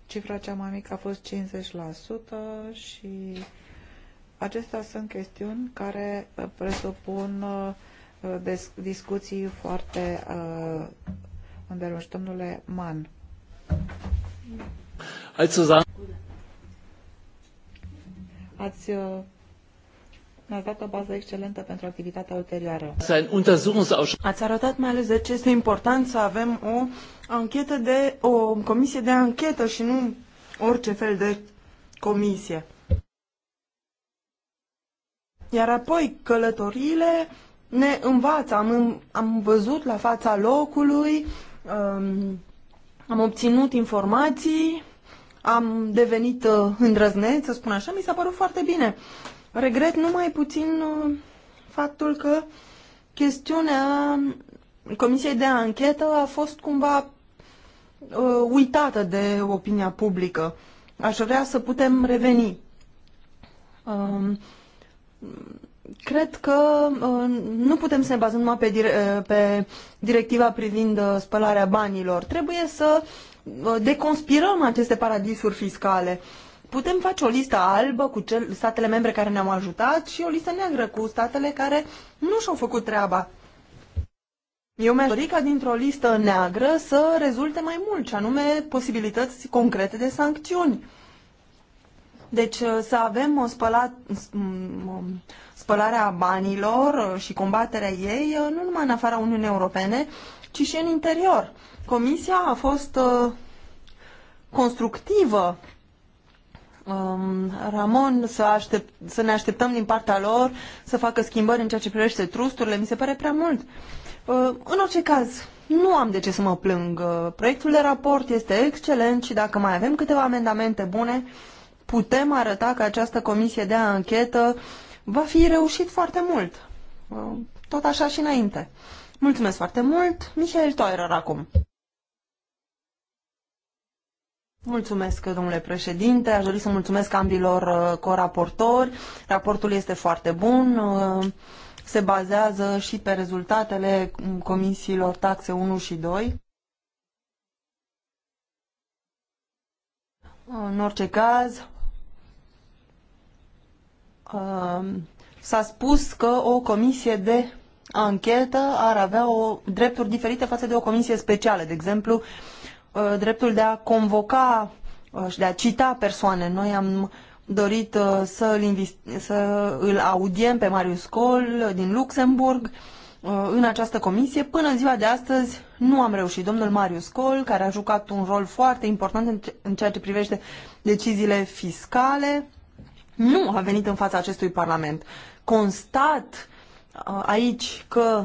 cifra cea mai mică a fost 50% și Acestea sunt chestiuni care uh, presupun uh, discuții foarte uh, îndelungi. Domnule Mann. Ați ne-ați dat o bază excelentă pentru activitatea ulterioară. Ați arătat mai ales de ce este important să avem o anchetă de o comisie de anchetă și nu orice fel de comisie. Iar apoi călătoriile ne învață. Am, am văzut la fața locului, um, am obținut informații, am devenit uh, îndrăzneț, să spun așa, mi s-a părut foarte bine. Regret numai puțin uh, faptul că chestiunea Comisiei de anchetă a fost cumva uh, uitată de opinia publică. Aș vrea să putem reveni. uh, cred că uh, nu putem să ne bazăm numai pe, uh, pe directiva privind uh, spălarea banilor. Trebuie să deconspirăm aceste paradisuri fiscale. Putem face o listă albă cu cel, statele membre care ne-au ajutat și o listă neagră cu statele care nu și-au făcut treaba. Eu mi-aș dori ca dintr-o listă neagră să rezulte mai mult, și anume posibilități concrete de sancțiuni deci uh, să avem spăla, spălarea banilor și combaterea ei uh, nu numai în afara Uniunii Europene, ci și în interior. Comisia a fost uh, constructivă um, Ramon, să, aștept, să ne așteptăm din partea lor să facă schimbări în ceea ce privește trusturile, mi se pare prea mult. În orice caz, nu am de ce să mă plâng. Proiectul de raport este excelent și dacă mai avem câteva amendamente bune, putem arăta că această comisie de anchetă va fi reușit foarte mult. Uh, tot așa și înainte. Mulțumesc foarte mult, Michael Toirer acum. Mulțumesc, domnule președinte. Aș dori să mulțumesc ambilor uh, coraportori. Raportul este foarte bun. Uh, se bazează și pe rezultatele um, comisiilor taxe 1 și 2. În orice caz, Um, s-a spus că o comisie de anchetă ar avea o, drepturi diferite față de o comisie specială. De exemplu, uh, dreptul de a convoca uh, și de a cita persoane. Noi am dorit uh, să îl, să îl audiem pe Marius Col din Luxemburg în această comisie. Până în ziua de astăzi nu am reușit. Domnul Marius Col, care a jucat un rol foarte important în ceea ce privește deciziile fiscale, nu a venit în fața acestui Parlament. Constat uh, aici că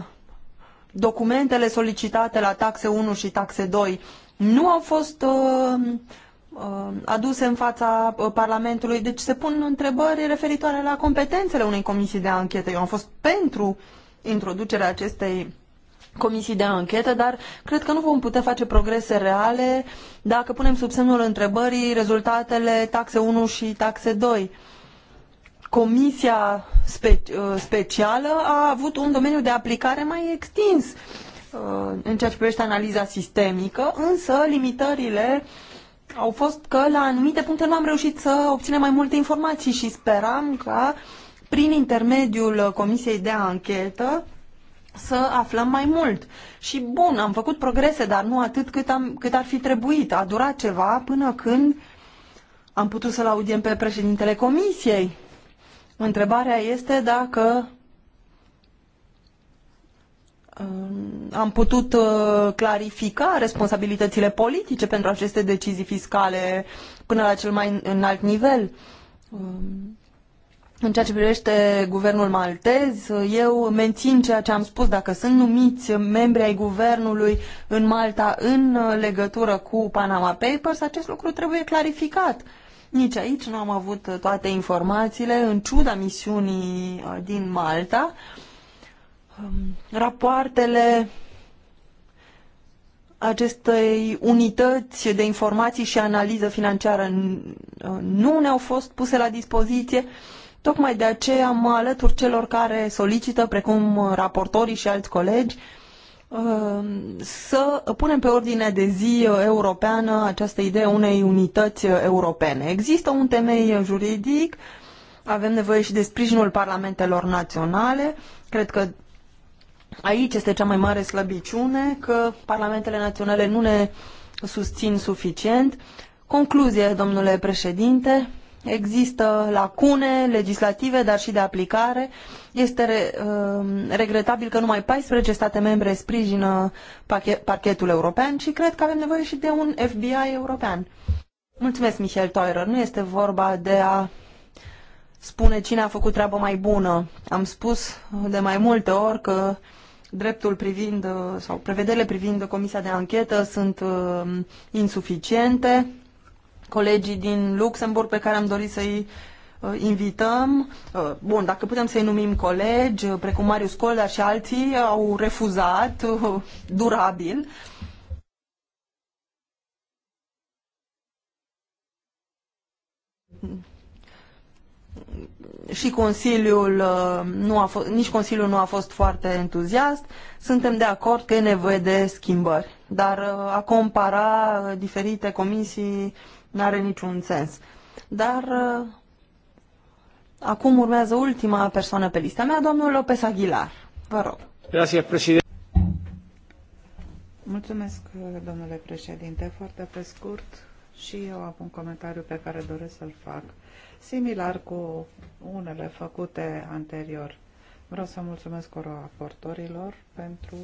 documentele solicitate la taxe 1 și taxe 2 nu au fost uh, uh, aduse în fața Parlamentului. Deci se pun întrebări referitoare la competențele unei comisii de anchetă. Eu am fost pentru introducerea acestei comisii de anchetă, dar cred că nu vom putea face progrese reale dacă punem sub semnul întrebării rezultatele taxe 1 și taxe 2 comisia spe, uh, specială a avut un domeniu de aplicare mai extins uh, în ceea ce privește analiza sistemică, însă limitările au fost că la anumite puncte nu am reușit să obținem mai multe informații și speram ca prin intermediul comisiei de anchetă să aflăm mai mult. Și bun, am făcut progrese, dar nu atât cât, am, cât ar fi trebuit. A durat ceva până când am putut să-l audiem pe președintele comisiei. Întrebarea este dacă um, am putut uh, clarifica responsabilitățile politice pentru aceste decizii fiscale până la cel mai înalt nivel. Um, în ceea ce privește guvernul maltez, eu mențin ceea ce am spus. Dacă sunt numiți membri ai guvernului în Malta în uh, legătură cu Panama Papers, acest lucru trebuie clarificat. Nici aici nu am avut toate informațiile, în ciuda misiunii uh, din Malta. Um, rapoartele acestei unități de informații și analiză financiară uh, nu ne-au fost puse la dispoziție. Tocmai de aceea mă alătur celor care solicită, precum uh, raportorii și alți colegi, uh, Ehm, să punem pe ordine de zi uh, europeană această idee unei unități uh, europene. Există un temei juridic, avem nevoie și de sprijinul parlamentelor naționale. Cred că aici este cea mai mare slăbiciune, că parlamentele naționale nu ne susțin suficient. Concluzie, domnule președinte, Există lacune legislative, dar și de aplicare. Este re, um, regretabil că numai 14 state membre sprijină parchetul european și cred că avem nevoie și de un FBI european. Mulțumesc, Michel Teurer. Nu este vorba de a spune cine a făcut treabă mai bună. Am spus de mai multe ori că dreptul privind uh, sau prevederile privind comisia de anchetă sunt uh, insuficiente colegii din Luxemburg pe care am dorit să-i uh, invităm. Uh, bun, dacă putem să-i numim colegi, uh, precum Marius Col, dar și alții, au refuzat durabil. și Consiliul nu a fost, nici Consiliul nu a fost foarte entuziast. Suntem de acord că e nevoie de schimbări, dar a compara diferite comisii n-are niciun sens. Dar uh, acum urmează ultima persoană pe lista mea, domnul Lopez Aguilar. Vă rog. Gracias, președinte. Mulțumesc, domnule președinte. Foarte pe scurt, și eu am un comentariu pe care doresc să-l fac, similar cu unele făcute anterior. Vreau să mulțumesc raportorilor pentru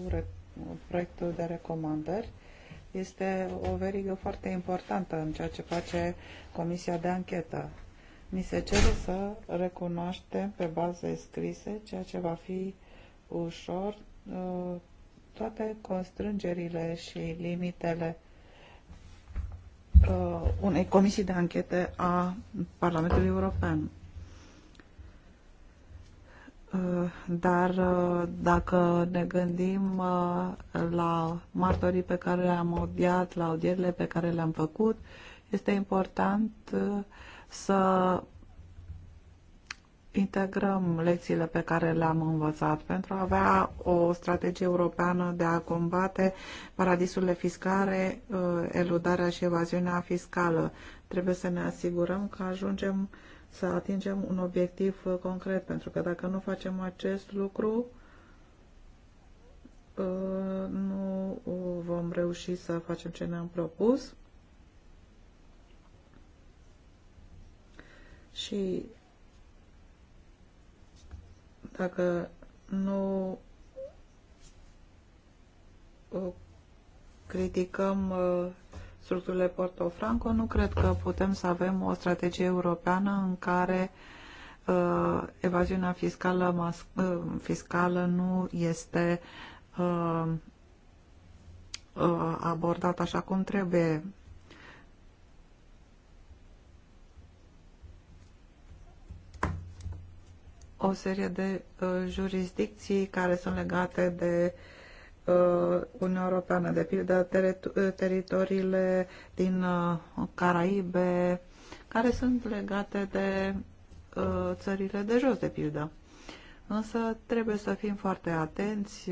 proiectul de recomandări este o verigă foarte importantă în ceea ce face Comisia de Anchetă. Ni se cere să recunoaștem pe baze scrise, ceea ce va fi ușor, uh, toate constrângerile și limitele uh, unei comisii de anchete a Parlamentului European. Eh, dar eh, dacă ne gândim eh, la martorii pe care le-am audiat, la audierile pe care le-am făcut, este important să integrăm lecțiile pe care le-am învățat pentru a avea o strategie europeană de a combate paradisurile fiscale, eludarea și evaziunea fiscală. Trebuie să ne asigurăm că ajungem uh, să atingem un obiectiv uh, concret, pentru că dacă nu facem acest lucru, uh, nu uh, vom reuși să facem ce ne-am propus. Și dacă nu criticăm structurile Portofranco, nu cred că putem să avem o strategie europeană în care uh, evaziunea fiscală, mas, uh, fiscală nu este uh, uh, abordată așa cum trebuie. o serie de uh, jurisdicții care sunt legate de uh, Uh, Uniunea Europeană, de pildă uh, teritoriile din uh, Caraibe, care sunt legate de țările de jos, de pildă. Însă trebuie să fim foarte atenți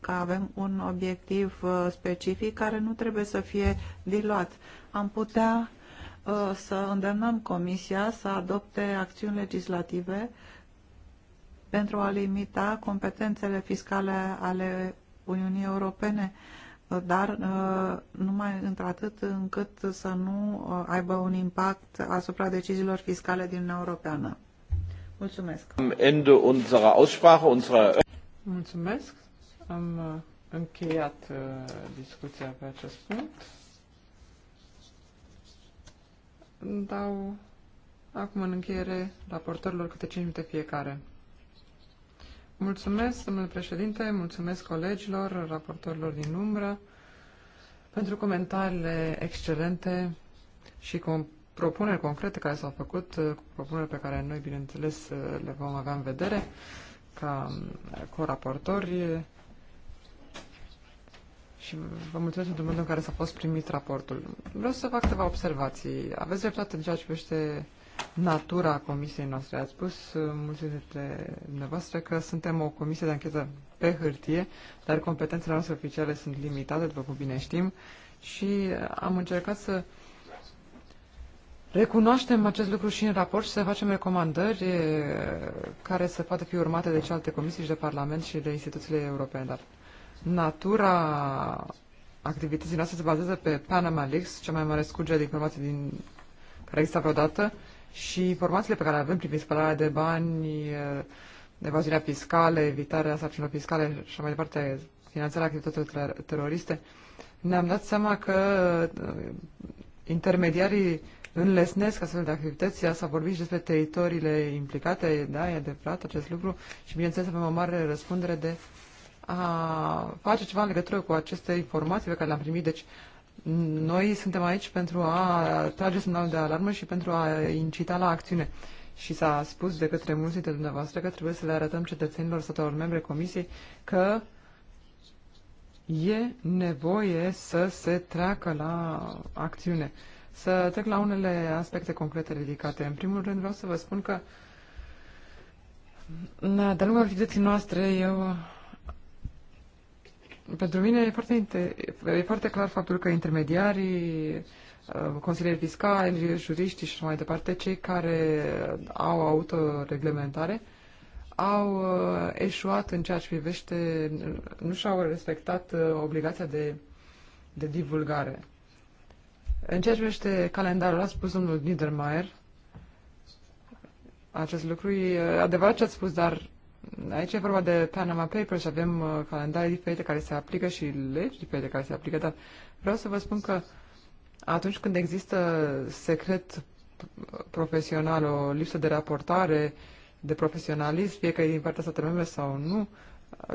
că avem un obiectiv specific care nu trebuie să fie diluat. Am putea să îndemnăm Comisia să adopte acțiuni legislative pentru a limita competențele fiscale ale Uniunii Europene, uh, dar uh, numai într-atât încât să nu uh, aibă un impact asupra deciziilor fiscale din Uniunea Europeană. Mulțumesc. Am Ende unserer Aussprache, unserer... Mulțumesc. Am încheiat discuția pe acest punct. Dau acum în încheiere raportorilor câte 5 minute fiecare. Mulțumesc, domnule președinte, mulțumesc colegilor, raportorilor din umbră, pentru comentariile excelente și propuneri concrete care s-au făcut, propuneri pe care noi, bineînțeles, le vom avea în vedere ca coraportori și vă mulțumesc pentru momentul în care s-a fost primit raportul. Vreau să fac câteva observații. Aveți dreptate în ceea ce privește natura comisiei noastre. Ați spus uh, mulți dintre dumneavoastră că suntem o comisie de anchetă pe hârtie, dar competențele noastre oficiale sunt limitate, după cum bine știm, și uh, am încercat să recunoaștem acest lucru și în raport și să facem recomandări uh, care să poată fi urmate de celelalte comisii și de Parlament și de instituțiile europene. Dar natura activității noastre se bazează pe Panama Leaks, cea mai mare scurgere de informații din care există vreodată, și informațiile pe care le avem privind spălarea de bani, eh, evaziunea fiscală, evitarea sarcinilor fiscale și mai departe, finanțarea activităților teroriste, ne-am dat seama că eh, intermediarii înlesnesc astfel de activități. Asta vorbit și despre teritoriile implicate, da, e adevărat acest lucru și bineînțeles avem o mare răspundere de a face ceva în legătură cu aceste informații pe care le-am primit. Deci noi suntem aici pentru a trage semnal de alarmă și pentru a incita la acțiune. Și s-a spus de către mulți dintre dumneavoastră că trebuie să le arătăm cetățenilor statelor membre Comisiei că e nevoie să se treacă la acțiune. Să trec la unele aspecte concrete ridicate. În primul rând vreau să vă spun că de-a lungul activității noastre eu pentru mine e foarte, e foarte clar faptul că intermediarii, uh, consilieri fiscali, juriștii și mai departe, cei care au autoreglementare, au uh, eșuat în ceea ce privește, nu și-au respectat uh, obligația de, de divulgare. În ceea ce privește calendarul, a spus domnul Niedermayer, acest lucru e adevărat ce ați spus, dar aici e vorba de Panama Papers, avem uh, calendarii diferite care se aplică și legi diferite care se aplică, dar vreau să vă spun că atunci când există secret profesional, o lipsă de raportare, de profesionalism, fie că e din partea statelor membre sau nu,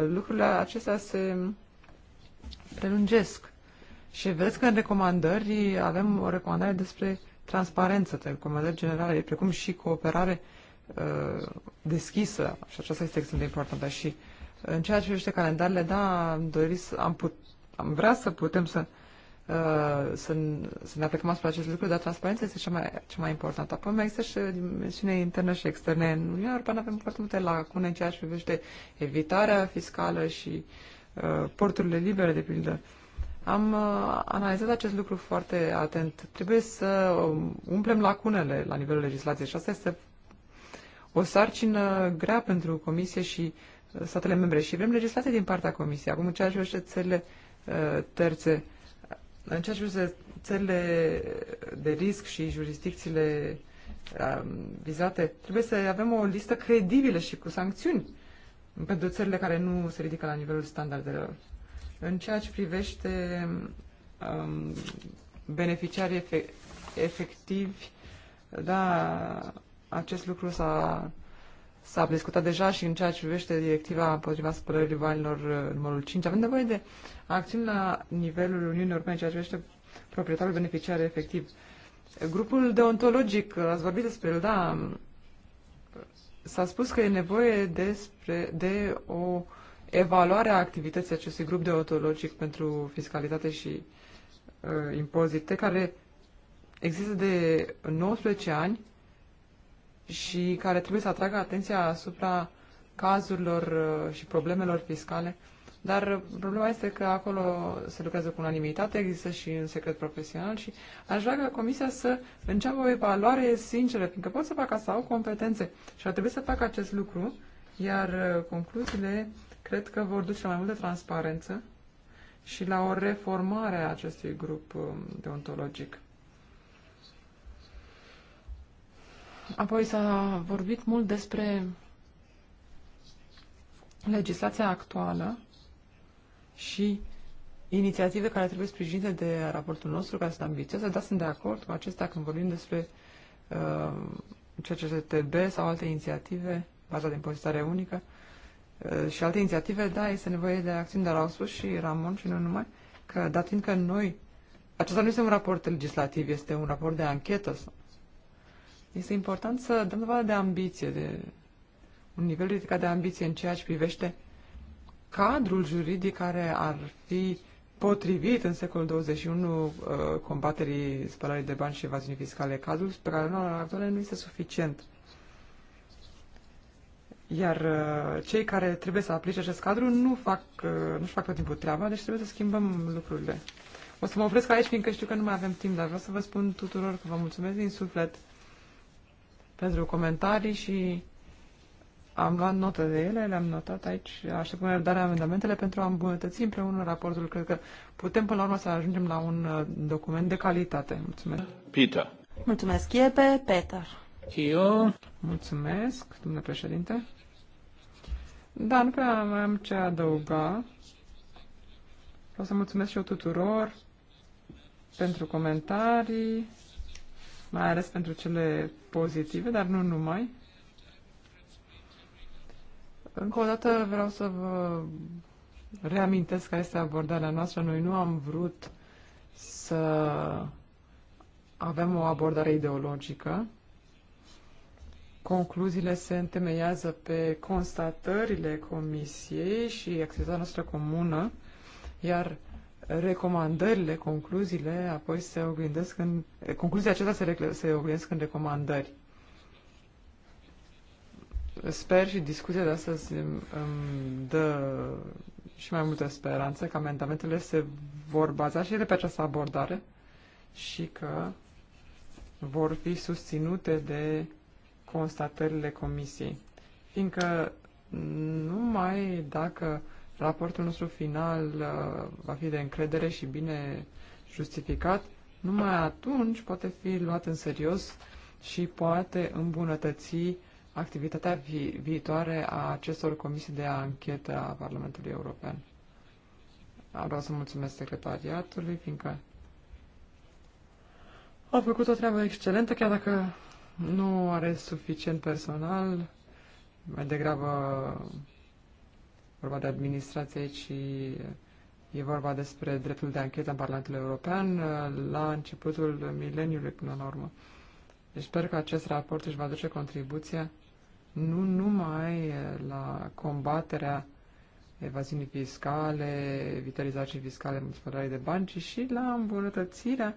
lucrurile acestea se prelungesc. Și vedeți că în recomandări avem o recomandare despre transparență, recomandări generale, precum și cooperare uh, Uh, deschisă și aceasta este extrem de importantă. Și uh, în ceea ce privește calendarele, da, am dorit să, am, put, am vrea să putem să, uh, să, să ne aplicăm asupra acest lucru, dar transparența este cea mai, cea mai importantă. Apoi mai există și dimensiune internă și externe. În Uniunea Europeană avem foarte multe lacune în ceea ce privește evitarea fiscală și uh, porturile libere, de pildă. Am uh, analizat acest lucru foarte atent. Trebuie să um, umplem lacunele la nivelul legislației și asta este o sarcină grea pentru Comisie și uh, statele membre și vrem legislație din partea Comisiei. Acum, în ceea ce privește țările uh, terțe, uh, în ceea ce privește țările de risc și jurisdicțiile um, vizate, trebuie să avem o listă credibilă și cu sancțiuni pentru țările care nu se ridică la nivelul standardelor. În ceea ce privește um, beneficiarii efectivi, da, acest lucru s-a, s-a discutat deja și în ceea ce privește directiva împotriva spălării banilor uh, numărul 5. Avem nevoie de acțiuni la nivelul Uniunii Europene în ceea ce privește proprietarul beneficiar efectiv. Grupul deontologic, uh, ați vorbit despre el, da, um, s-a spus că e nevoie despre, de o evaluare a activității acestui grup deontologic pentru fiscalitate și uh, impozite, care există de 19 ani și care trebuie să atragă atenția asupra cazurilor uh, și problemelor fiscale. Dar problema este că acolo se lucrează cu unanimitate, există și un secret profesional și aș vrea ca comisia să înceapă o evaluare sinceră, fiindcă pot să fac asta, au competențe și ar trebui să fac acest lucru, iar uh, concluziile cred că vor duce la mai multă transparență și la o reformare a acestui grup uh, deontologic. Apoi s-a vorbit mult despre legislația actuală și inițiative care trebuie sprijinite de raportul nostru, care sunt ambițioase, dar sunt de acord cu acestea când vorbim despre uh, CCTB sau alte inițiative, baza de impozitare unică uh, și alte inițiative, da, este nevoie de acțiuni, dar au spus și Ramon și nu numai, că dat fiindcă noi, acesta nu este un raport legislativ, este un raport de anchetă este important să dăm dovadă de ambiție, de un nivel ridicat de ambiție în ceea ce privește cadrul juridic care ar fi potrivit în secolul 21 uh, combaterii spălării de bani și evaziunii fiscale. Cadrul spălărilor actuale nu este suficient. Iar uh, cei care trebuie să aplice acest cadru nu fac, uh, nu-și fac tot timpul treaba, deci trebuie să schimbăm lucrurile. O să mă opresc aici, fiindcă știu că nu mai avem timp, dar vreau să vă spun tuturor că vă mulțumesc din suflet pentru comentarii și am luat notă de ele, le-am notat aici, așteptăm cu amendamentele pentru a îmbunătăți împreună raportul. Cred că putem până la urmă să ajungem la un uh, document de calitate. Mulțumesc. Peter. Mulțumesc, Iepe. Peter. Eu. Mulțumesc, domnule președinte. Da, nu prea mai am ce adăuga. Vreau să mulțumesc și eu tuturor pentru comentarii mai ales pentru cele pozitive, dar nu numai. Încă o dată vreau să vă reamintesc care este abordarea noastră. Noi nu am vrut să avem o abordare ideologică. Concluziile se întemeiază pe constatările comisiei și acțiunea noastră comună, iar recomandările, concluziile, apoi se oglindesc în... concluzia aceasta se, se oglindesc în recomandări. Sper și discuția de astăzi îmi dă și mai multă speranță că amendamentele se vor baza și ele pe această abordare și că vor fi susținute de constatările comisiei. Fiindcă numai dacă raportul nostru final uh, va fi de încredere și bine justificat, numai atunci poate fi luat în serios și poate îmbunătăți activitatea vi- viitoare a acestor comisii de anchetă a Parlamentului European. Vreau să mulțumesc secretariatului, fiindcă a făcut o treabă excelentă, chiar dacă nu are suficient personal, mai degrabă vorba de administrație, ci e vorba despre dreptul de anchetă în Parlamentul European uh, la începutul mileniului până la urmă. Deci sper că acest raport își va aduce contribuția nu numai uh, la combaterea evaziunii fiscale, evitării zacii fiscale, multiplicării de bani, ci și la îmbunătățirea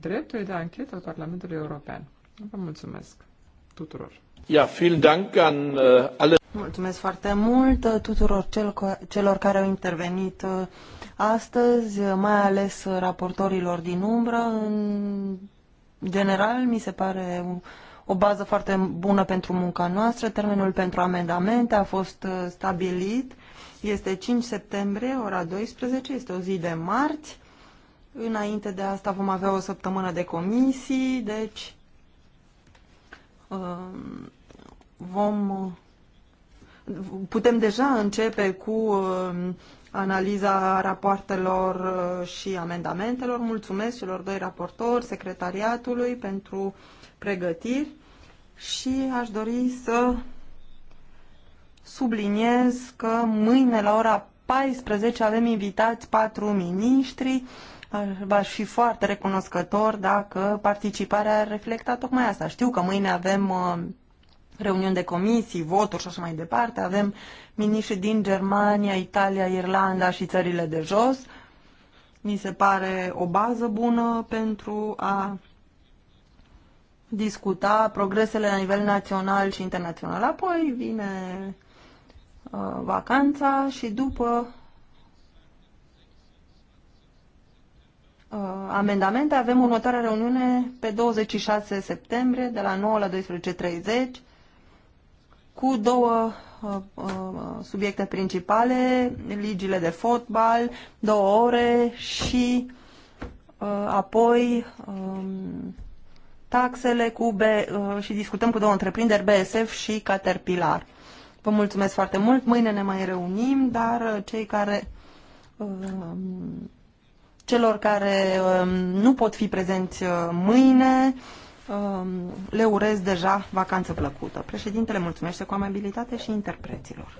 dreptului de anchetă al Parlamentului European. Vă mulțumesc tuturor! Ja, vielen Dank an uh, alle Mulțumesc foarte mult uh, tuturor celor care au intervenit uh, astăzi, uh, mai ales raportorilor din umbră. În general, mi se pare o bază foarte bună pentru munca noastră. Termenul pentru amendamente a fost stabilit. Este 5 septembrie, ora 12, este o zi de marți. Înainte de asta vom avea o săptămână de comisii, deci um, vom putem deja începe cu um, analiza rapoartelor uh, și amendamentelor. Mulțumesc celor doi raportori, secretariatului pentru pregătiri și aș dori să subliniez că mâine la ora 14 avem invitați patru miniștri. V-aș fi foarte recunoscător dacă participarea ar reflecta tocmai asta. Știu că mâine avem uh, reuniuni de comisii, voturi și așa mai departe. Avem miniștri din Germania, Italia, Irlanda și țările de jos. Mi se pare o bază bună pentru a discuta progresele la nivel național și internațional. Apoi vine uh, vacanța și după uh, amendamente avem următoarea reuniune pe 26 septembrie de la 9 la 12.30 cu două uh, uh, subiecte principale, ligile de fotbal, două ore și uh, apoi um, taxele cu B, și discutăm cu două întreprinderi, BSF și Caterpillar. Vă mulțumesc foarte mult, mâine ne mai reunim, dar cei care um, celor care um, nu pot fi prezenți mâine Um, le urez deja vacanță plăcută. Președintele mulțumește cu amabilitate și interpreților.